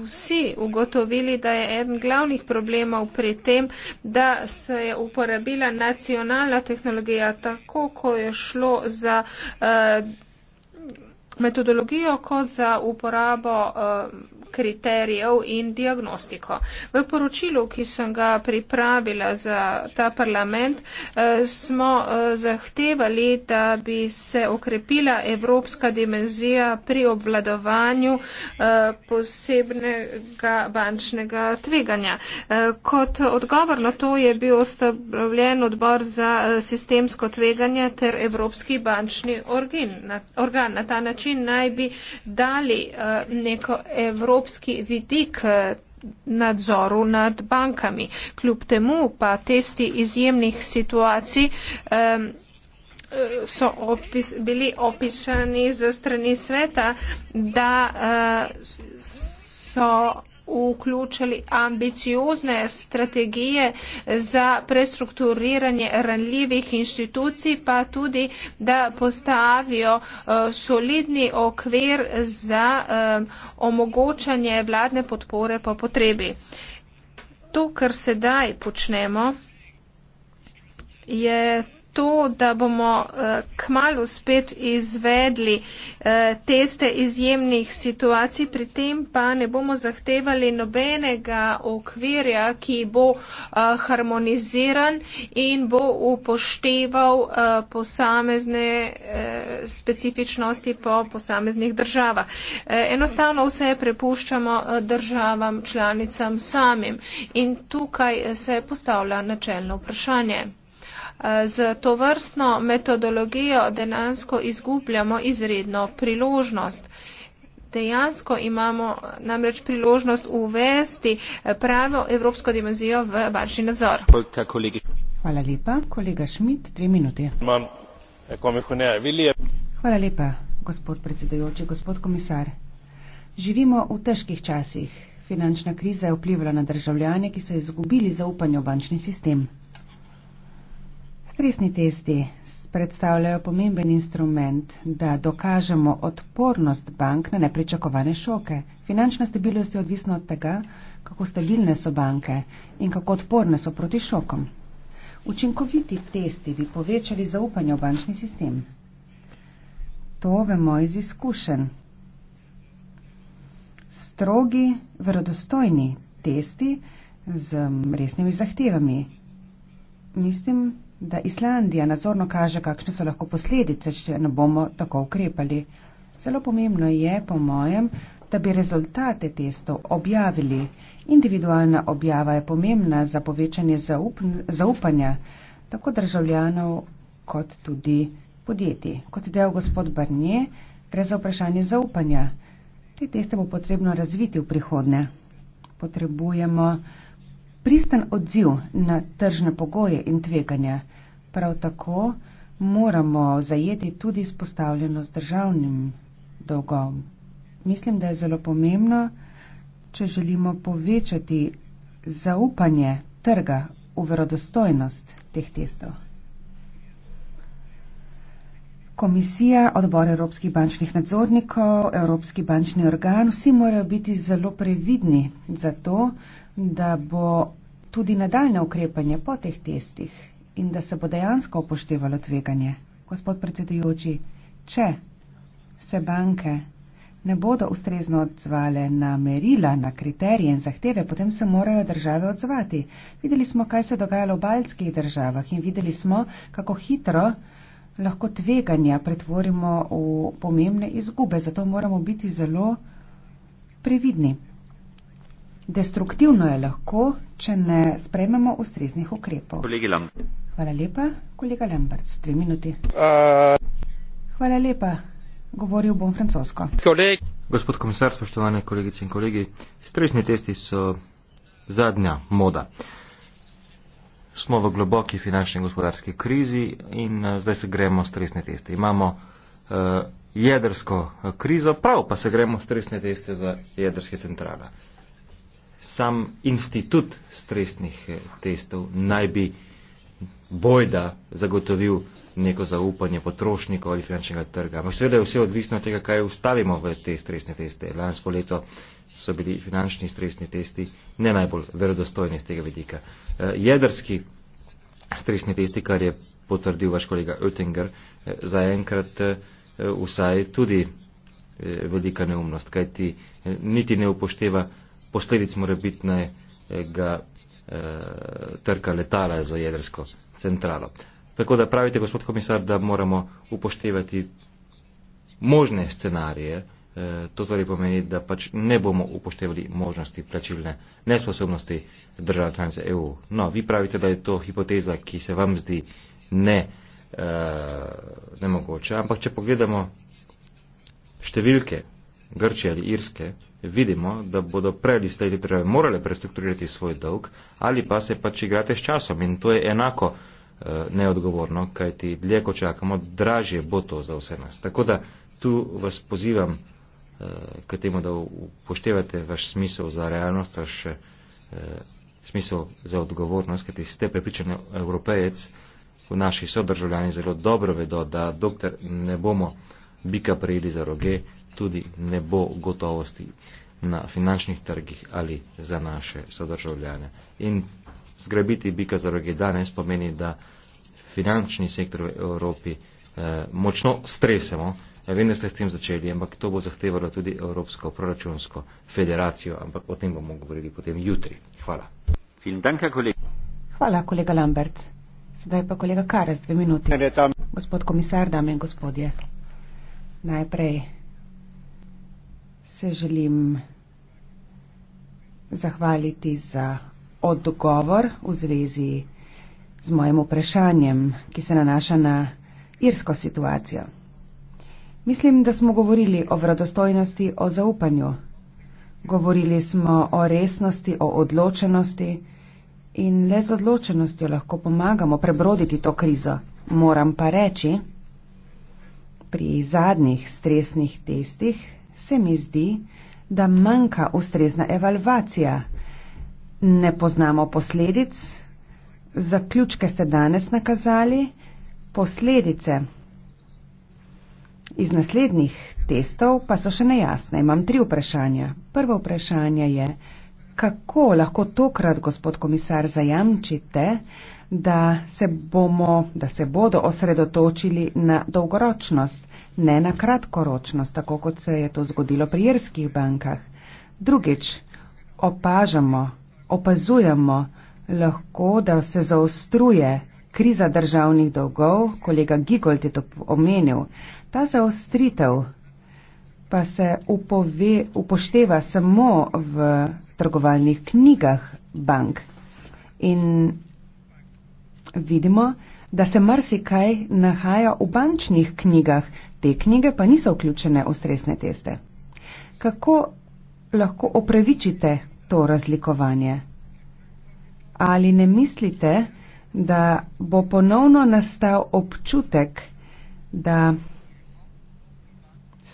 Speaker 3: vsi ugotovili, da je eden glavnih problemov pri tem, da se je uporabila nacionalna tehnologija tako, ko je šlo za uh, metodologijo kot za uporabo. Uh, kriterijev in diagnostiko. V poročilu, ki sem ga pripravila za ta parlament, eh, smo eh, zahtevali, da bi se okrepila evropska dimenzija pri obvladovanju eh, posebnega bančnega tveganja. Kot odgovor na to je bil ustavljen odbor za sistemsko tveganje ter evropski bančni organ. Na ta način naj bi dali neko evropsko evropski vidik eh, nadzoru nad bankami. Kljub temu pa testi izjemnih situacij um, so opis, bili opisani za strani sveta, da uh, so uključili ambiciozne strategije za prestrukturiranje ranljivih inštitucij, pa tudi da postavijo eh, solidni okvir za eh, omogočanje vladne podpore po potrebi. To, kar sedaj počnemo, je to, da bomo eh, kmalo spet izvedli eh, teste izjemnih situacij, pri tem pa ne bomo zahtevali nobenega okvirja, ki bo eh, harmoniziran in bo upošteval posamezne specifičnosti po posameznih državah. Enostavno vse prepuščamo državam članicam samim in tukaj se postavlja načelno vprašanje z to vrstno metodologijo dejansko izgubljamo izredno priložnost. Dejansko imamo namreč priložnost uvesti eh, pravo evropsko dimenzijo v bančni nadzor.
Speaker 4: Hvala lepa. Kolega Šmit, dve minuti. Hvala lepa, gospod predsedojoči, gospod komisar. Živimo v težkih časih. Finančna kriza je vplivala na državljane, ki so izgubili zaupanje v bančni sistem. Stresni testi predstavljajo pomemben instrument, da dokažemo odpornost bank na nepričakovane šoke. Finančna stabilnost je odvisna od tega, kako stabilne so banke in kako odporne so proti šokom. Učinkoviti testi bi povečali zaupanje v bančni sistem. To vemo iz izkušenj. Strogi, verodostojni testi z resnimi zahtevami. Mislim, da Islandija nazorno kaže, kakšne so lahko posledice, če ne bomo tako ukrepali. Zelo pomembno je, po mojem, da bi rezultate testov objavili. Individualna objava je pomembna za povečanje zaup zaupanja tako državljanov kot tudi podjetij. Kot je dejal gospod Barnje, gre za vprašanje zaupanja. Te teste bo potrebno razviti v prihodnje. Potrebujemo pristen odziv na tržne pogoje in tveganja. Prav tako moramo zajeti tudi izpostavljenost državnim dolgom. Mislim, da je zelo pomembno, če želimo povečati zaupanje trga v verodostojnost teh testov. Komisija, odbor evropskih bančnih nadzornikov, evropski bančni organ, vsi morajo biti zelo previdni za to, da bo tudi nadaljne ukrepanje po teh testih in da se bo dejansko upoštevalo tveganje. Gospod predsedujoči, če se banke ne bodo ustrezno odzvale na merila, na kriterije in zahteve, potem se morajo države odzvati. Videli smo, kaj se je dogajalo v baltskih državah in videli smo, kako hitro lahko tveganja pretvorimo v pomembne izgube. Zato moramo biti zelo previdni. Destruktivno je lahko, če ne sprememo ustreznih ukrepov. Hvala lepa, kolega Lambert. Dve minuti. Uh. Hvala lepa. Govoril bom francosko.
Speaker 1: Koleg. Gospod komisar, spoštovane kolegice in kolegi, stresni testi so zadnja moda smo v globoki finančni gospodarski krizi in eh, zdaj se gremo stresne teste. Imamo uh, jedrsko eh, krizo, prav pa se gremo stresne teste za jedrske centrale. Sam institut stresnih testov naj bi bojda zagotovil neko zaupanje potrošnikov ali finančnega trga. Ampak seveda je vse odvisno od tega, kaj ustavimo v te stresne teste. Lansko leto uh, so bili finančni stresni testi ne najbolj verodostojni z tega vidika. Eh, jedrski stresni testi, kar je potrdil vaš kolega Oettinger, eh, zaenkrat eh, vsaj tudi velika neumnost, kajti niti ne upošteva posledic morebitnega trka letala za jedrsko centralo. Tako da pravite, gospod komisar, da moramo upoštevati možne scenarije, Eh, to torej pomeni, da pač ne bomo upoštevali možnosti plačilne nesposobnosti držav članice EU. No, vi pravite, da je to hipoteza, ki se vam zdi ne, uh, eh, nemogoče, ampak če pogledamo številke Grčije ali Irske, vidimo, da bodo prej iz te države morale prestrukturirati svoj dolg ali pa se pač igrate s časom in to je enako uh, neodgovorno, kajti dlje, ko čakamo, dražje bo to za vse nas. Tako da tu vas pozivam. Eh, k temu, da upoštevate vaš smisel za realnost, vaš e, smisel za odgovornost, kajti ste prepričani evropejec, v naši sodržavljani zelo dobro vedo, da dokler ne bomo bika prejeli za roge, tudi ne bo gotovosti na finančnih trgih ali za naše sodržavljane. In zgrabiti bika za roge danes pomeni, da finančni sektor v Evropi eh, močno stresemo. Ja, eh, vem, da ste s tem začeli, ampak to bo zahtevalo tudi Evropsko proračunsko federacijo, ampak o tem bomo
Speaker 2: govorili potem jutri. Hvala.
Speaker 4: Hvala, kolega Lambert. Sedaj pa kolega Karas, dve minuti. Gospod komisar, dame in gospodje, najprej se želim zahvaliti za odgovor v zvezi z mojim vprašanjem, ki se nanaša na irsko situacijo. Mislim, da smo govorili o vradostojnosti, o zaupanju. Govorili smo o resnosti, o odločenosti in le z odločenostjo lahko pomagamo prebroditi to krizo. Moram pa reči, pri zadnjih stresnih testih se mi zdi, da manjka ustrezna evalvacija. Ne poznamo posledic, zaključke ste danes nakazali. Posledice iz naslednjih testov pa so še nejasne. Imam tri vprašanja. Prvo vprašanje je, kako lahko tokrat, gospod komisar, zajamčite, da se, bomo, da se bodo osredotočili na dolgoročnost, ne na kratkoročnost, tako kot se je to zgodilo pri irskih bankah. Drugič, opažamo, opazujemo lahko, da se zaostruje kriza državnih dolgov, kolega Gigold je to omenil, ta zaostritev pa se upove, upošteva samo v trgovalnih knjigah bank. In vidimo, da se marsikaj nahaja v bančnih knjigah, te knjige pa niso vključene v stresne teste. Kako lahko opravičite to razlikovanje? Ali ne mislite, da bo ponovno nastal občutek, da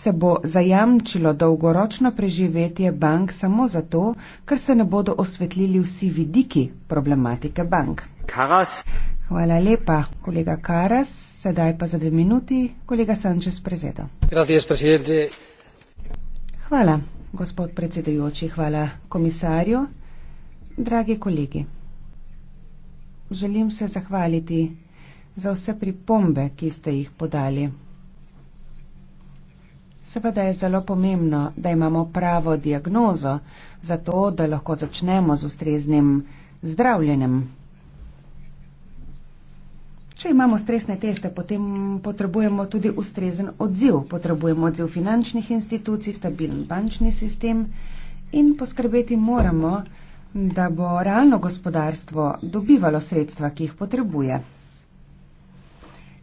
Speaker 4: se bo zajamčilo dolgoročno preživetje bank samo zato, ker se ne bodo osvetlili vsi vidiki problematike bank. Karas. Hvala lepa, kolega Karas. Sedaj pa za dve minuti, kolega Sanchez Prezeto. Hvala, gospod predsedujoči, hvala komisarju, dragi kolegi želim se zahvaliti za vse pripombe, ki ste jih podali. Seveda je zelo pomembno, da imamo pravo diagnozo, zato da lahko začnemo z ustreznim zdravljenjem. Če imamo stresne teste, potem potrebujemo tudi ustrezen odziv. Potrebujemo odziv finančnih institucij, stabilen bančni sistem in poskrbeti moramo, da bo realno gospodarstvo dobivalo sredstva, ki jih potrebuje.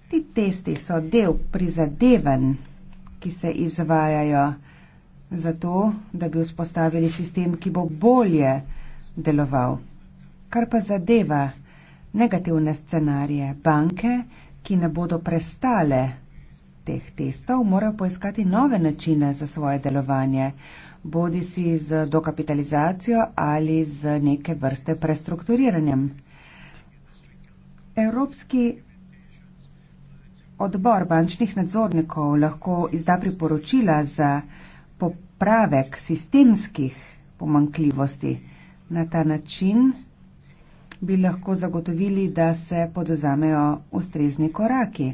Speaker 4: Ti testi so del prizadeven, ki se izvajajo zato, da bi vzpostavili sistem, ki bo bolje deloval. Kar pa zadeva negativne scenarije, banke, ki ne bodo prestale teh testov, morajo poiskati nove načine za svoje delovanje bodi si z dokapitalizacijo ali z neke vrste prestrukturiranjem. Evropski odbor bančnih nadzornikov lahko izda priporočila za popravek sistemskih pomankljivosti. Na ta način bi lahko zagotovili, da se podozamejo ustrezni koraki.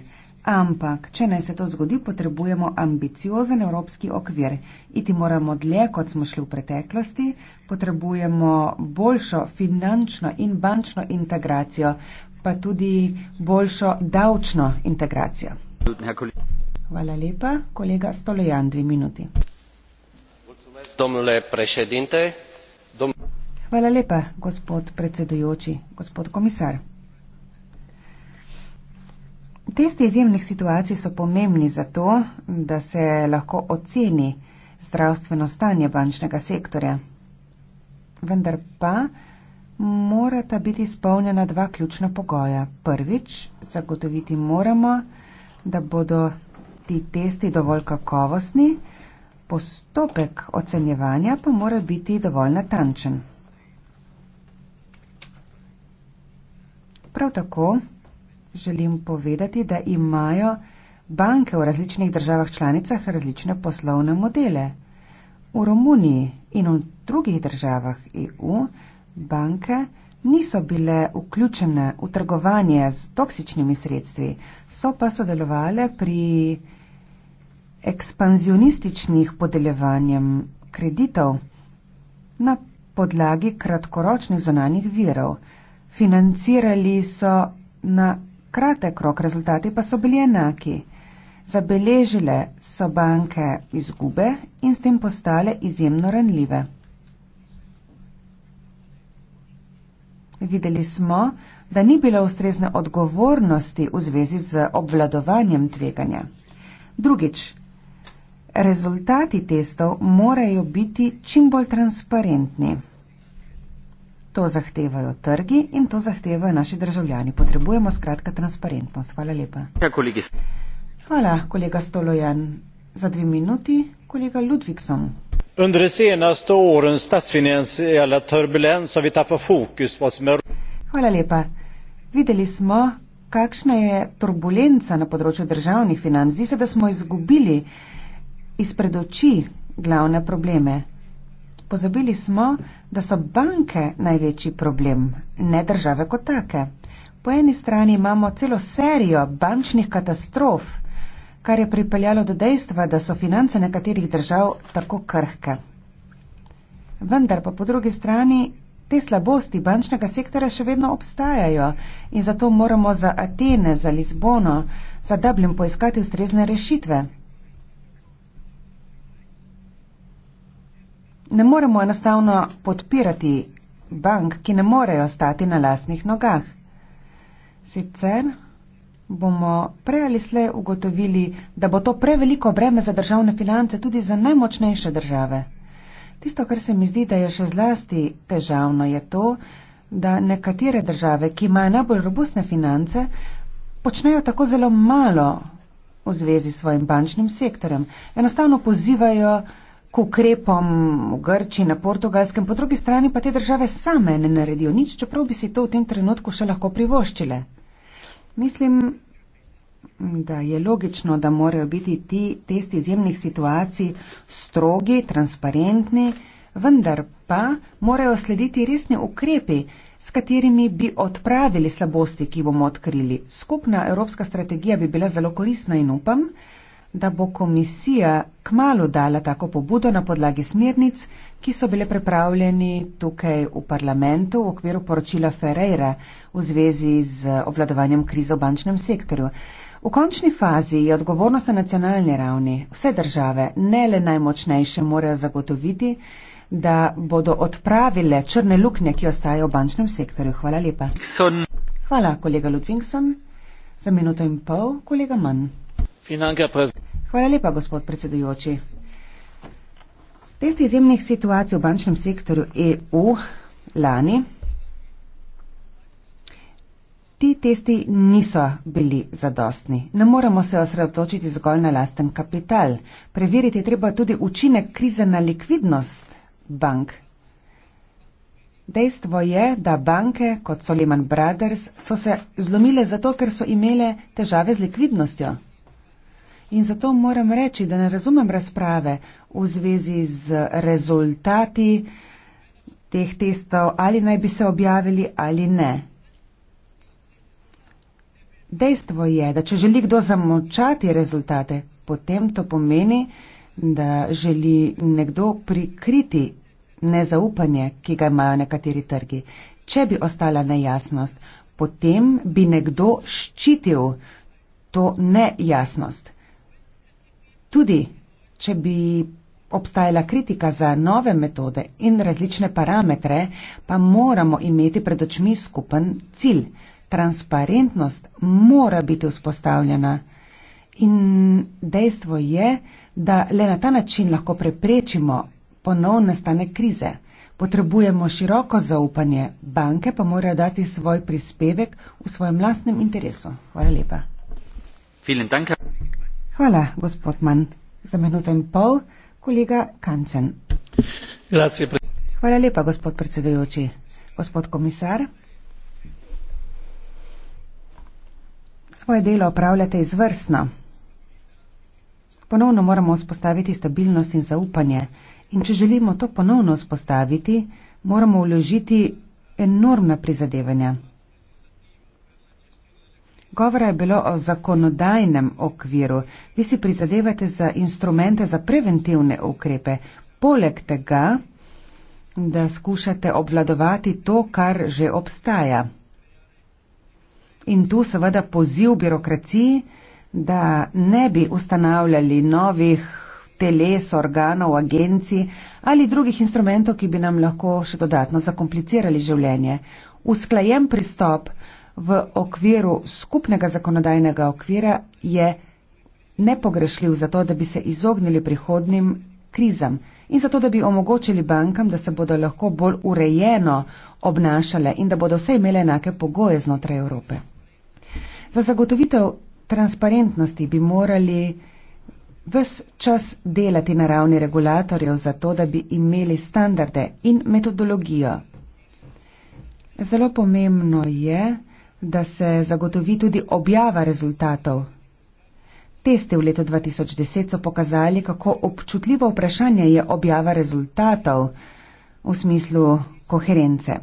Speaker 4: Ampak, če naj se to zgodi, potrebujemo ambiciozen evropski okvir. Iti moramo dlje, kot smo šli v preteklosti, potrebujemo boljšo finančno in bančno integracijo, pa tudi boljšo davčno integracijo. Hvala lepa, kolega Stolojan, dve minuti. Hvala lepa, gospod predsedujoči, gospod komisar testi izjemnih situacij so pomembni zato, da se lahko oceni zdravstveno stanje bančnega sektorja. Vendar pa morata biti izpolnjena dva ključna pogoja. Prvič, zagotoviti moramo, da bodo ti testi dovolj kakovostni, postopek ocenjevanja pa mora biti dovolj natančen. Prav tako želim povedati, da imajo banke v različnih državah članicah različne poslovne modele. V Romuniji in v drugih državah EU banke niso bile vključene v trgovanje z toksičnimi sredstvi, so pa sodelovale pri ekspanzionističnih podeljevanjem kreditov na podlagi kratkoročnih zonanih virov. Financirali so na kratek rok rezultati pa so bili enaki. Zabeležile so banke izgube in s tem postale izjemno ranljive. Videli smo, da ni bilo ustrezne odgovornosti v zvezi z obvladovanjem tveganja. Drugič, rezultati testov morajo biti čim bolj transparentni. To zahtevajo trgi in to zahtevajo naši državljani. Potrebujemo skratka transparentnost. Hvala lepa. Ja, Hvala, kolega Stolojan. Za dve minuti, kolega Ludvikson.
Speaker 1: Under de senaste årens statsfinansiella
Speaker 2: turbulens har vi tappat fokus på vad som är...
Speaker 4: Hvala lepa. Videli smo, kakšna je turbulenca na področju državnih financ. Zdi se, da smo izgubili izpred oči glavne probleme. Pozabili smo, da so banke največji problem, ne države kot take. Po eni strani imamo celo serijo bančnih katastrof, kar je pripeljalo do dejstva, da so finance nekaterih držav tako krhke. Vendar pa po drugi strani te slabosti bančnega sektora še vedno obstajajo in zato moramo za Atene, za Lizbono, za Dublin poiskati ustrezne rešitve. ne moremo enostavno podpirati bank, ki ne morejo stati na lasnih nogah. Sicer bomo prej ali slej ugotovili, da bo to preveliko breme za državne finance tudi za najmočnejše države. Tisto, kar se mi zdi, da je še zlasti težavno, je to, da nekatere države, ki imajo najbolj robustne finance, počnejo tako zelo malo v zvezi s svojim bančnim sektorjem. Enostavno pozivajo k ukrepom v Grčiji, na portugalskem, po drugi strani pa te države same ne naredijo nič, čeprav bi si to v tem trenutku še lahko privoščile. Mislim, da je logično, da morajo biti ti testi izjemnih situacij strogi, transparentni, vendar pa morajo slediti resni ukrepi, s katerimi bi odpravili slabosti, ki bomo odkrili. Skupna evropska strategija bi bila zelo korisna in upam, da bo komisija kmalo dala tako pobudo na podlagi smernic, ki so bile prepravljeni tukaj v parlamentu v okviru poročila Ferreira v zvezi z obvladovanjem krize v bančnem sektorju. V končni fazi je odgovornost na nacionalni ravni. Vse države, ne le najmočnejše, morajo zagotoviti, da bodo odpravile črne luknje, ki ostajo v bančnem sektorju. Hvala lepa. Hvala, kolega Ludvigson. Za minuto in pol, kolega manj.
Speaker 2: Hvala
Speaker 4: lepa, gospod predsedujoči. Test izjemnih situacij v bančnem sektorju EU lani. Ti testi niso bili zadostni. Ne moremo se osredotočiti zgolj na lasten kapital. Preveriti je treba tudi učinek krize na likvidnost bank. Dejstvo je, da banke kot so Lehman Brothers so se zlomile zato, ker so imele težave z likvidnostjo. In zato moram reči, da ne razumem razprave v zvezi z rezultati teh testov, ali naj bi se objavili ali ne. Dejstvo je, da če želi kdo zamočati rezultate, potem to pomeni, da želi nekdo prikriti nezaupanje, ki ga imajo nekateri trgi. Če bi ostala nejasnost, potem bi nekdo ščitil to nejasnost. Tudi, če bi obstajala kritika za nove metode in različne parametre, pa moramo imeti pred očmi skupen cilj. Transparentnost mora biti vzpostavljena. In dejstvo je, da le na ta način lahko preprečimo ponov nastane krize. Potrebujemo široko zaupanje, banke pa morajo dati svoj prispevek v svojem lastnem interesu. Hvala lepa. Vielen Dank. Hvala, gospod Mann. Za minuto in pol, kolega Kančen. Grazie, pre... Hvala lepa, gospod predsedujoči. Gospod komisar. Svoje delo opravljate izvrstno. Ponovno moramo vzpostaviti stabilnost in zaupanje. In če želimo to ponovno vzpostaviti, moramo vložiti enormna prizadevanja. Govora je bilo o zakonodajnem okviru. Vi si prizadevate za instrumente za preventivne ukrepe. Poleg tega, da skušate obvladovati to, kar že obstaja. In tu seveda poziv birokraciji, da ne bi ustanavljali novih teles, organov, agencij ali drugih instrumentov, ki bi nam lahko še dodatno zakomplicirali življenje. Usklajen pristop v okviru skupnega zakonodajnega okvira je nepogrešljiv zato, da bi se izognili prihodnim krizam in zato, da bi omogočili bankam, da se bodo lahko bolj urejeno obnašale in da bodo vse imele enake pogoje znotraj Evrope. Za zagotovitev transparentnosti bi morali ves čas delati na ravni regulatorjev zato, da bi imeli standarde in metodologijo. Zelo pomembno je, da se zagotovi tudi objava rezultatov. Teste v letu 2010 so pokazali, kako občutljivo vprašanje je objava rezultatov v smislu koherence.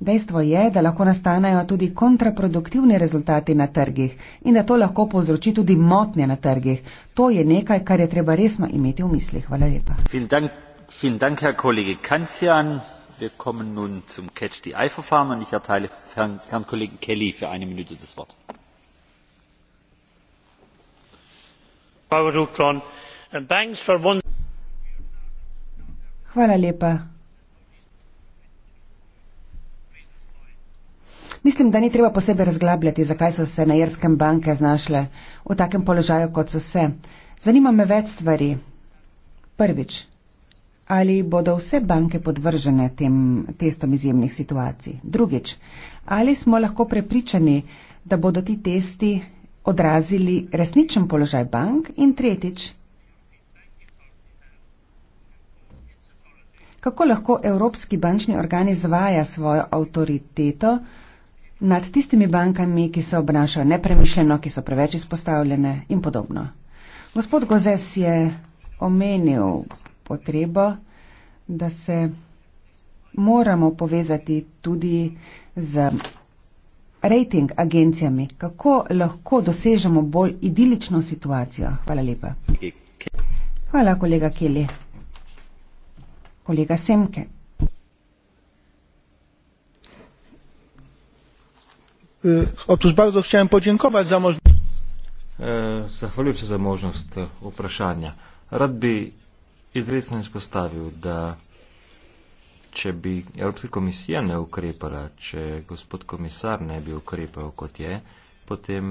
Speaker 4: Dejstvo je, da lahko nastanejo tudi kontraproduktivni rezultati na trgih in da to lahko povzroči tudi motnje na trgih. To je nekaj, kar je treba resno imeti v mislih. Hvala lepa.
Speaker 2: Vielen dank, vielen dank, wir kommen nun zum catch the eye verfahren und ich erteile herrn kollegen kelly für eine minute das wort.
Speaker 4: mislim da ni treba posebej razglabljati zakaj so se na irskem banke znašle v takem položaju kot so se. zanima me več stvari. prvič ali bodo vse banke podvržene tem testom izjemnih situacij? Drugič, ali smo lahko prepričani, da bodo ti testi odrazili resničen položaj bank? In tretjič, kako lahko Evropski bančni organ izvaja svojo avtoriteto nad tistimi bankami, ki se obnašajo nepremišljeno, ki so preveč izpostavljene in podobno? Gospod Gozes je omenil potreba, da se moramo povezati tudi z rejting agencijami, kako lahko dosežemo bolj idilično situacijo. Hvala lepa. Hvala, kolega Keli. Kolega Semke. Otus, bardzo chciałem
Speaker 1: podziękować za możliwość. E, zahvaljujem se za možnost e, vprašanja. Rad bi Izredno je izpostavil, da če bi Evropska komisija ne ukrepala, če gospod komisar ne bi ukrepal kot je, potem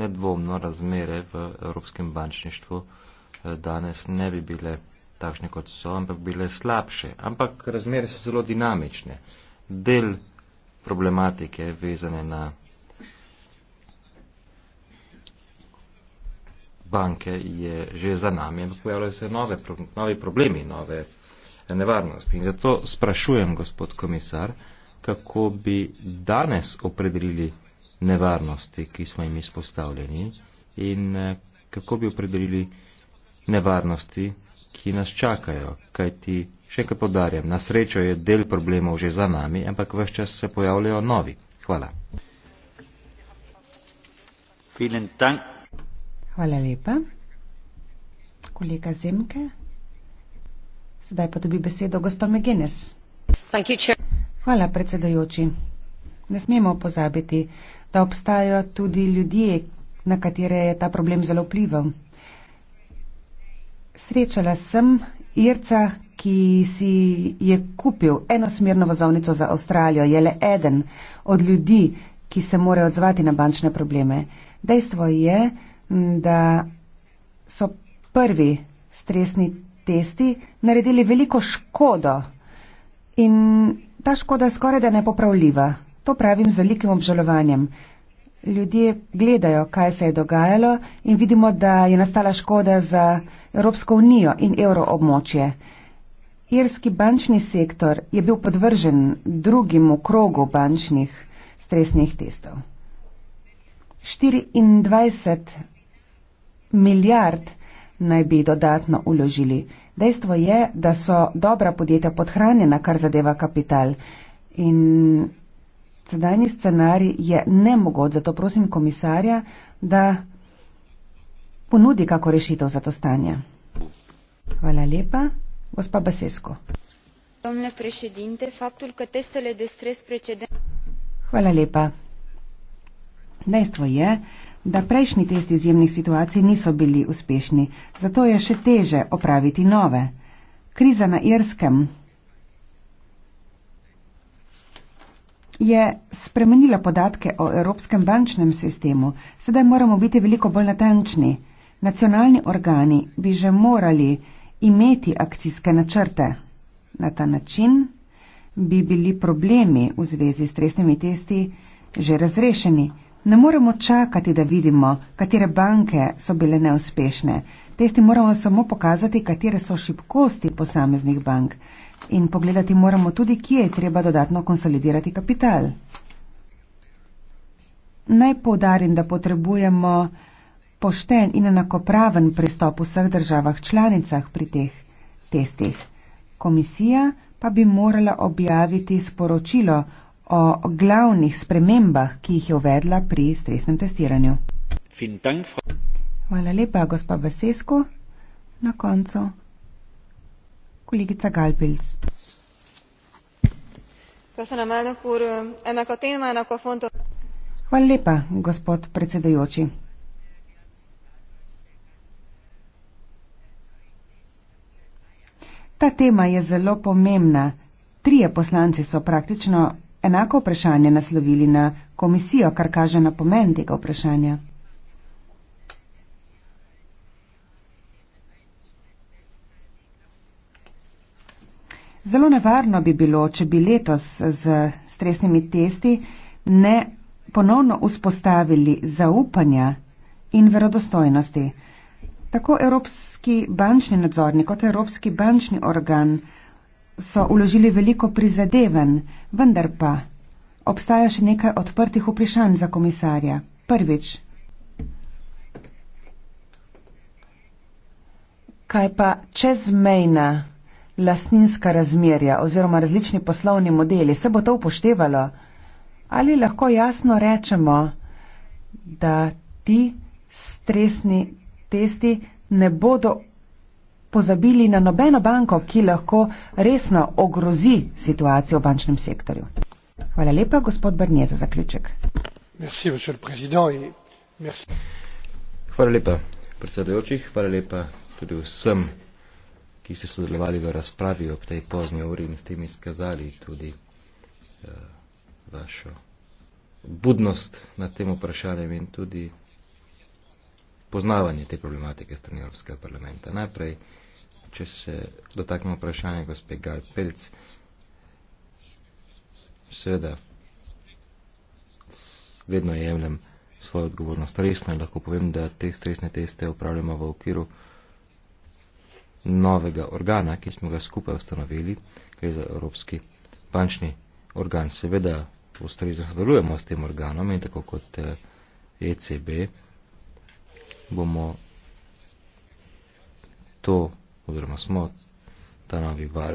Speaker 1: nedvomno razmere v evropskem bančništvu eh, danes ne bi bile takšne kot so, ampak bile slabše. Ampak razmere so zelo dinamične. Del problematike vezane na banke je že za nami, ampak pojavljajo se nove, novi problemi, nove nevarnosti. In zato sprašujem, gospod komisar, kako bi danes opredelili nevarnosti, ki smo jim izpostavljeni in eh, kako bi opredelili nevarnosti, ki nas čakajo, kajti še enkrat podarjam, na srečo je del problemov že za nami, ampak vse čas se pojavljajo novi. Hvala.
Speaker 2: Vielen Dank.
Speaker 4: Hvala lepa. Kolega Zemke. Sedaj pa dobi besedo gospa McGuinness. Hvala, predsedojoči. Ne smemo pozabiti, da obstajajo tudi ljudje, na katere je ta problem zelo vplival. Srečala sem Irca, ki si je kupil enosmerno vozovnico za Avstralijo, je le eden od ljudi, ki se morajo odzvati na bančne probleme. Dejstvo je, da da so prvi stresni testi naredili veliko škodo in ta škoda je skoraj da nepopravljiva. To pravim z velikim obžalovanjem. Ljudje gledajo, kaj se je dogajalo in vidimo, da je nastala škoda za Evropsko unijo in evroobmočje. Irski bančni sektor je bil podvržen drugim krogu bančnih stresnih testov. 24 milijard naj bi dodatno uložili. Dejstvo je, da so dobra podjetja podhranjena, kar zadeva kapital. In sedajni scenarij je nemogoč, zato prosim komisarja, da ponudi kako rešitev za to stanje. Hvala lepa. Gospa Basesko. Hvala lepa. Dejstvo je, da prejšnji test izjemnih situacij niso bili uspešni, zato je še teže opraviti nove. Kriza na Irskem je spremenila podatke o evropskem bančnem sistemu, sedaj moramo biti veliko bolj natančni. Nacionalni organi bi že morali imeti akcijske načrte. Na ta način bi bili problemi v zvezi s stresnimi testi že razrešeni. Ne moremo čakati, da vidimo, katere banke so bile neuspešne. Testi moramo samo pokazati, katere so šibkosti posameznih bank. In pogledati moramo tudi, kje je treba dodatno konsolidirati kapital. Naj povdarim, da potrebujemo pošten in enakopraven pristop v vseh državah članicah pri teh testih. Komisija pa bi morala objaviti sporočilo o glavnih spremembah, ki jih je uvedla pri stresnem testiranju. Hvala lepa, gospa Vesesko. Na koncu, kolegica Galpils. Hvala lepa, gospod predsedajoči. Ta tema je zelo pomembna. Trije poslanci so praktično enako vprašanje naslovili na komisijo, kar kaže na pomen tega vprašanja. Zelo nevarno bi bilo, če bi letos z stresnimi testi ne ponovno vzpostavili zaupanja in verodostojnosti. Tako Evropski bančni nadzornik kot Evropski bančni organ so uložili veliko prizadevanj, Vendar pa obstaja še nekaj odprtih vprašanj za komisarja. Prvič. Kaj pa čezmejna lastninska razmerja oziroma različni poslovni modeli? Se bo to upoštevalo? Ali lahko jasno rečemo, da ti stresni testi ne bodo pozabili na nobeno banko, ki lahko resno ogrozi situacijo v bančnem sektorju. Hvala lepa, gospod Brnje, za zaključek.
Speaker 3: Merci, merci.
Speaker 1: Hvala lepa, predsedujoči, hvala lepa tudi vsem, ki ste sodelovali v razpravi ob tej pozni uri in s tem izkazali tudi uh, vašo budnost nad tem vprašanjem in tudi poznavanje te problematike strani Evropskega parlamenta. Najprej, če se dotaknemo vprašanja gospe Gal Pelc, seveda vedno jemljem svojo odgovornost resno in lahko povem, da te stresne teste upravljamo v okviru novega organa, ki smo ga skupaj ustanovili, gre za Evropski bančni organ. Seveda ustrezno sodelujemo s tem organom in tako kot ECB, eh, e bomo to, oziroma smo ta novi val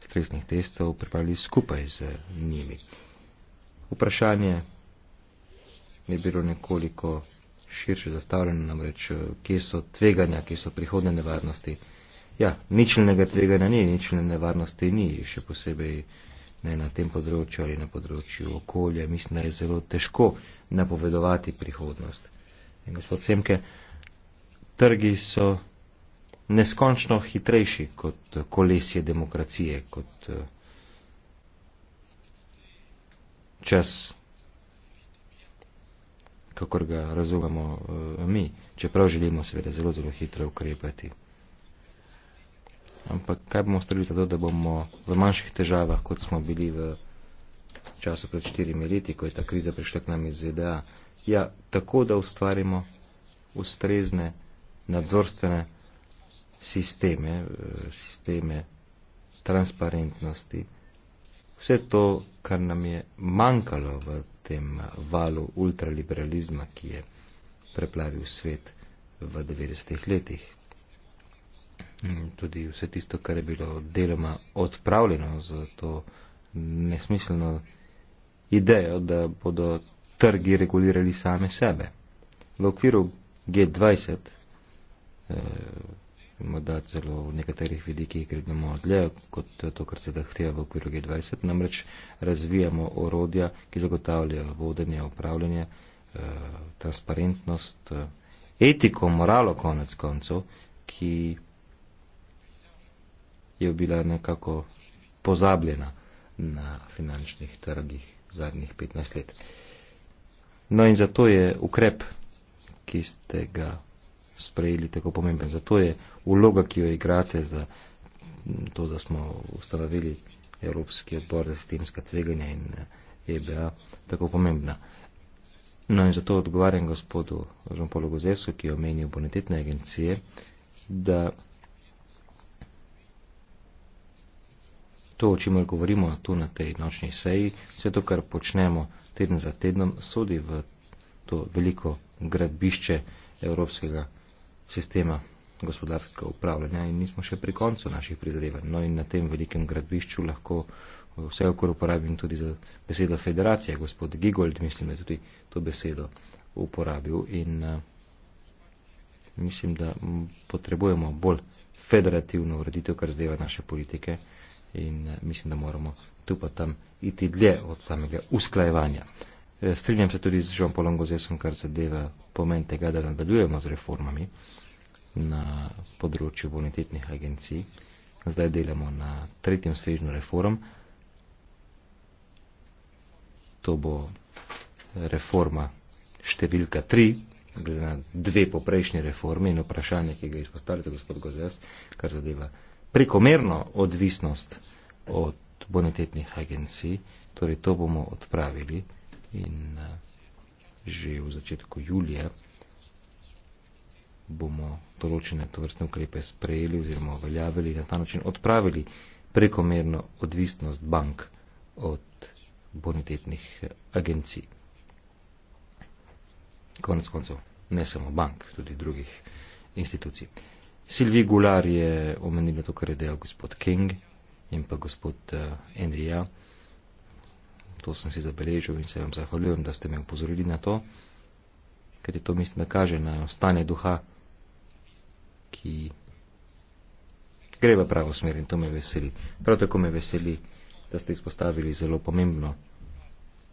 Speaker 1: stresnih testov pripravili skupaj z njimi. Vprašanje je bilo nekoliko širše zastavljeno, namreč, eh, kje so tveganja, kje so prihodne nevarnosti. Ja, ničelnega tveganja ni, ničelne nevarnosti ni, še posebej ne na tem področju ali na področju okolja. Mislim, da je zelo težko napovedovati prihodnost in gospod Semke, trgi so neskončno hitrejši kot eh, kolesje demokracije, kot eh, čas, kakor ga razumemo eh, mi, čeprav želimo seveda zelo, zelo hitro ukrepati. Ampak kaj bomo storili za to, da bomo v manjših težavah, kot smo bili v času pred štirimi leti, ko je ta kriza prišla k nam iz ZDA, Ja, tako da ustvarimo ustrezne nadzorstvene sisteme, eh, sisteme transparentnosti. Vse to, kar nam je manjkalo v tem valu ultraliberalizma, ki je preplavil svet v 90-ih letih. Tudi vse tisto, kar je bilo deloma odpravljeno za to nesmiselno idejo, da bodo trgi regulirali same sebe. V okviru G20, eh, morda celo v nekaterih vidikih gremo dlje, kot to, kar se zahteva v okviru G20, namreč razvijamo orodja, ki zagotavljajo vodenje, upravljanje, eh, transparentnost, eh, etiko, moralo konec koncev, ki je bila nekako pozabljena na finančnih trgih zadnjih 15 let. No in zato je ukrep, ki ste ga sprejeli, tako pomemben. Zato je uloga, ki jo igrate za to, da smo ustanovili Evropski odbor za sistemska tveganja in EBA, eh, e tako pomembna. No in zato odgovarjam gospodu Žompolu Gozesu, ki je omenil bonitetne agencije, da to, o čemer govorimo tu na tej nočni seji, vse to, kar počnemo teden za tednom, sodi v to veliko gradbišče evropskega sistema gospodarskega upravljanja in nismo še pri koncu naših prizadevanj. No in na tem velikem gradbišču lahko vse okor uporabim tudi za besedo federacije. Gospod Gigold, mislim, da je tudi to besedo uporabil in eh, mislim, da potrebujemo bolj federativno ureditev, kar zadeva naše politike in eh, mislim, da moramo tu pa tam iti dlje od samega usklajevanja. Eh, strinjam se tudi z Žon Polongozesom, kar zadeva pomen tega, da nadaljujemo z reformami na področju bonitetnih agencij. Zdaj delamo na tretjem svežnju reform. To bo reforma številka 3, glede na dve poprejšnje reforme in vprašanje, ki ga izpostavljate, gospod Gozes, kar zadeva reforme prekomerno odvisnost od bonitetnih agencij, torej to bomo odpravili in eh, že v začetku julija bomo določene tovrstne ukrepe sprejeli oziroma uveljavili na ta način odpravili prekomerno odvisnost bank od bonitetnih eh, agencij. Konec koncev, ne samo bank, tudi drugih institucij. Silvi Gular je omenila to, kar je dejal gospod King in pa gospod uh, eh, Enrija. To sem si zabeležil in se vam zahvaljujem, da ste me upozorili na to, ker je to mislim, da kaže na stanje duha, ki gre v pravo smer in to me veseli. Prav tako me veseli, da ste izpostavili zelo pomembno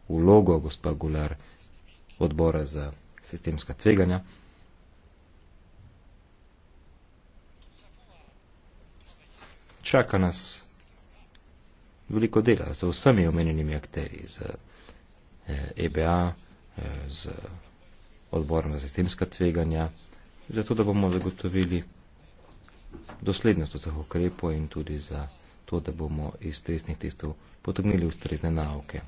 Speaker 1: vlogo gospa Gular odbora za sistemska tveganja. čaka nas veliko dela z vsemi omenjenimi akteri, z EBA, eh, e eh, z odborom za sistemska tveganja, zato da bomo zagotovili doslednost v teh ukrepov in tudi za to, da bomo iz stresnih testov potegnili ustrezne nauke.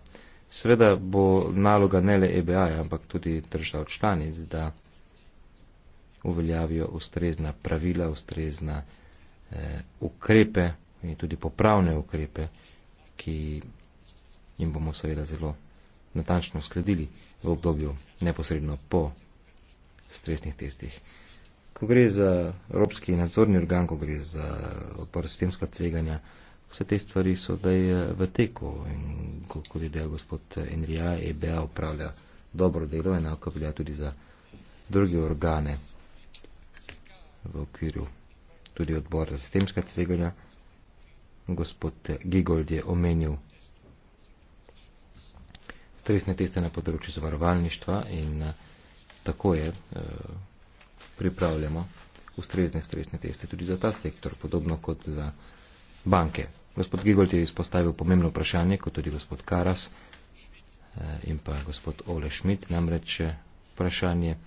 Speaker 1: Seveda bo naloga ne le EBA, ampak tudi držav članic, da uveljavijo ustrezna pravila, ustrezna Eh, ukrepe in tudi popravne ukrepe, ki jim bomo seveda zelo natančno sledili v obdobju neposredno po stresnih testih. Ko gre za Evropski nadzorni organ, ko gre za odpor sistemska tveganja, vse te stvari so, da je eh, v teku in kot je del gospod Enrija, EBA upravlja dobro delo, enako velja tudi za druge organe v okviru tudi odbor za sistemska tveganja. Gospod Gigold je omenil stresne teste na področju zavarovalništva in eh, tako je, eh, pripravljamo ustrezne stresne teste tudi za ta sektor, podobno kot za banke. Gospod Gigold je izpostavil pomembno vprašanje, kot tudi gospod Karas eh, in pa gospod Ole Schmidt, namreč vprašanje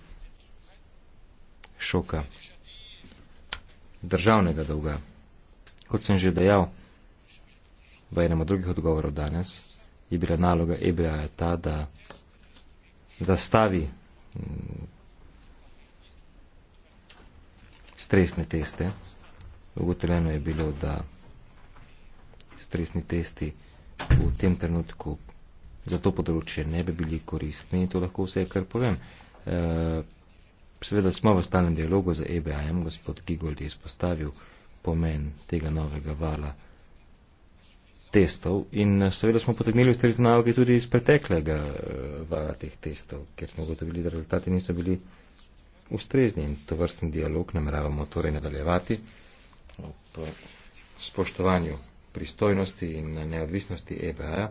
Speaker 1: šoka državnega dolga. Kot sem že dejal v enem od drugih odgovorov danes, je bila naloga EBA ta, da zastavi mm, stresne teste. Ugotovljeno je bilo, da stresni testi v tem trenutku za to področje ne bi bili koristni in to lahko vse kar povem. E, Seveda smo v stalnem dialogu za e EBAM, gospod Gigold je izpostavil pomen tega novega vala testov in eh, seveda smo potegnili ustrezne naloge tudi iz preteklega eh, vala teh testov, ker smo ugotovili, da rezultati niso bili ustrezni in to vrsten dialog nameravamo torej nadaljevati ob spoštovanju pristojnosti in neodvisnosti EBA,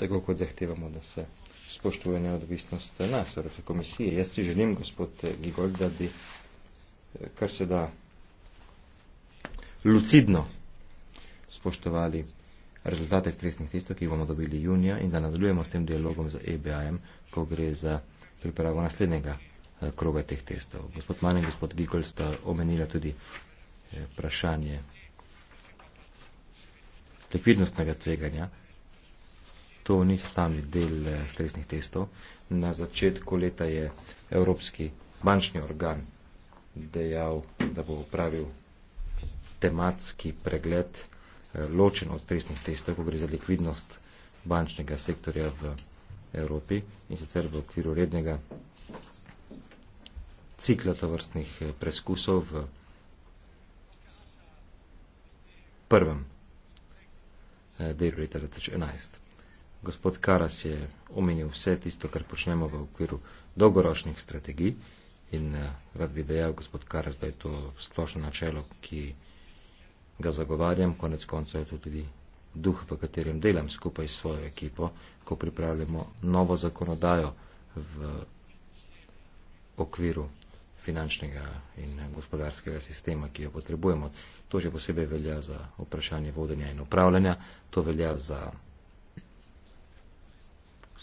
Speaker 1: tako kot zahtevamo, da se spoštuje neodvisnost nas, Evropske komisije. Jaz si želim, gospod Gigol, da bi eh, kar se da lucidno spoštovali rezultate stresnih testov, ki bomo dobili junija in da nadaljujemo s tem dialogom z EBAM, ko gre za pripravo naslednjega eh, kroga teh testov. Gospod Manin, gospod Gigol sta omenila tudi eh, vprašanje likvidnostnega tveganja to ni sestavni del eh, stresnih testov. Na začetku leta je Evropski bančni organ dejal, da bo upravil tematski pregled eh, ločen od stresnih testov, ko gre za likvidnost bančnega sektorja v Evropi in sicer v okviru rednega cikla tovrstnih eh, preskusov v prvem delu leta 2011 gospod Karas je omenil vse tisto, kar počnemo v okviru dolgoročnih strategij in eh, rad bi dejal, gospod Karas, da je to splošno načelo, ki ga zagovarjam, konec koncev je to tudi duh, v katerem delam skupaj s svojo ekipo, ko pripravljamo novo zakonodajo v okviru finančnega in gospodarskega sistema, ki jo potrebujemo. To že posebej velja za vprašanje vodenja in upravljanja, to velja za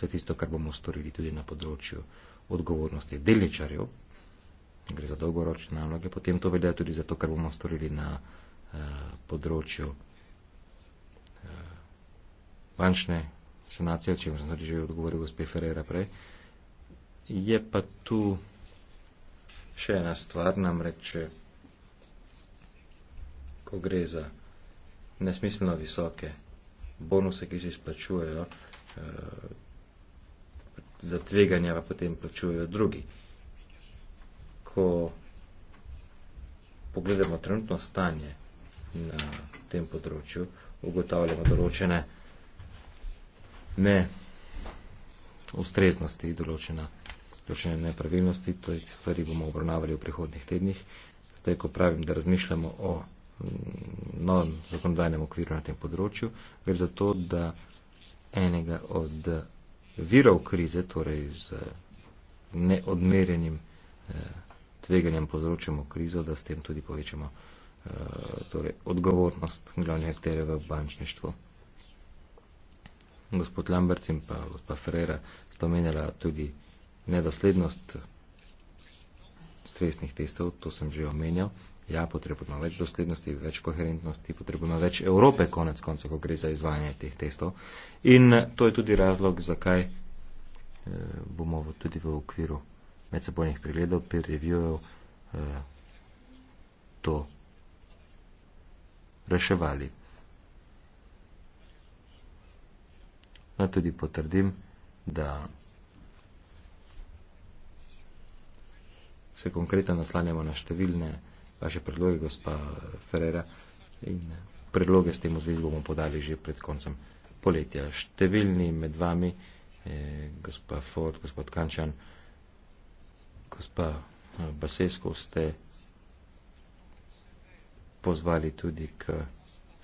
Speaker 1: vse tisto, kar bomo storili tudi na področju odgovornosti delničarjev, gre za dolgoročne naloge, potem to velja tudi za to, kar bomo storili na uh, področju uh, bančne sanacije, o čem sem tudi že odgovoril gospe Ferreira prej. Je pa tu še ena stvar, namreč, ko gre za nesmiselno visoke bonuse, ki se izplačujejo, uh, za tveganja pa potem plačujejo drugi. Ko pogledamo trenutno stanje na tem področju, ugotavljamo določene ne ustreznosti, določena, določene nepravilnosti, to je stvari bomo obravnavali v prihodnih tednih. Zdaj, ko pravim, da razmišljamo o novem zakonodajnem okviru na tem področju, gre za to, da enega od virov krize, torej z neodmerenim eh, tveganjem povzročamo krizo, da s tem tudi povečamo eh, torej, odgovornost glavnih akterjev v bančništvu. Gospod Lambert in pa gospod Ferreira sta omenjala tudi nedoslednost stresnih testov, to sem že omenjal ja, potrebujemo več doslednosti, več koherentnosti, potrebujemo več Evrope, konec koncev, ko gre za izvajanje teh testov. In eh, to je tudi razlog, zakaj eh, bomo v, tudi v okviru medsebojnih pregledov, peer reviewov eh, to reševali. No, tudi potrdim, da se konkretno naslanjamo na številne vaše predloge, gospa Ferreira, in predloge s tem v zvezi bomo podali že pred koncem poletja. Številni med vami, eh, gospa Ford, gospod Kančan, gospa eh, Basesko, ste pozvali tudi k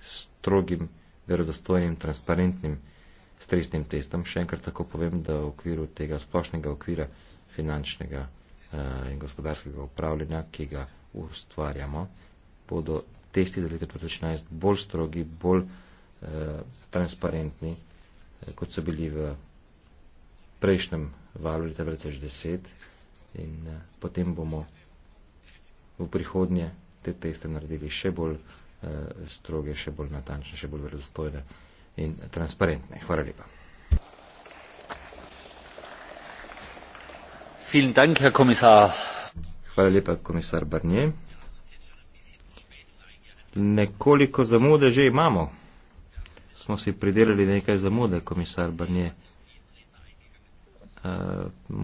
Speaker 1: strogim, verodostojnim, transparentnim stresnim testom. Še enkrat tako povem, da v okviru tega splošnega okvira finančnega eh, in gospodarskega upravljanja, ki ga ustvarjamo, bodo testi za leto 2014 bolj strogi, bolj eh, transparentni, eh, kot so bili v prejšnjem valu leta 2010 in eh, potem bomo v prihodnje te teste naredili še bolj eh, stroge, še bolj natančne, še bolj verodostojne in transparentne. Hvala lepa. Vielen Dank, Herr Kommissar. Hvala lepa, komisar Barnje. Nekoliko zamude že imamo. Smo si pridelali nekaj zamude, komisar Barnje. Uh, eh,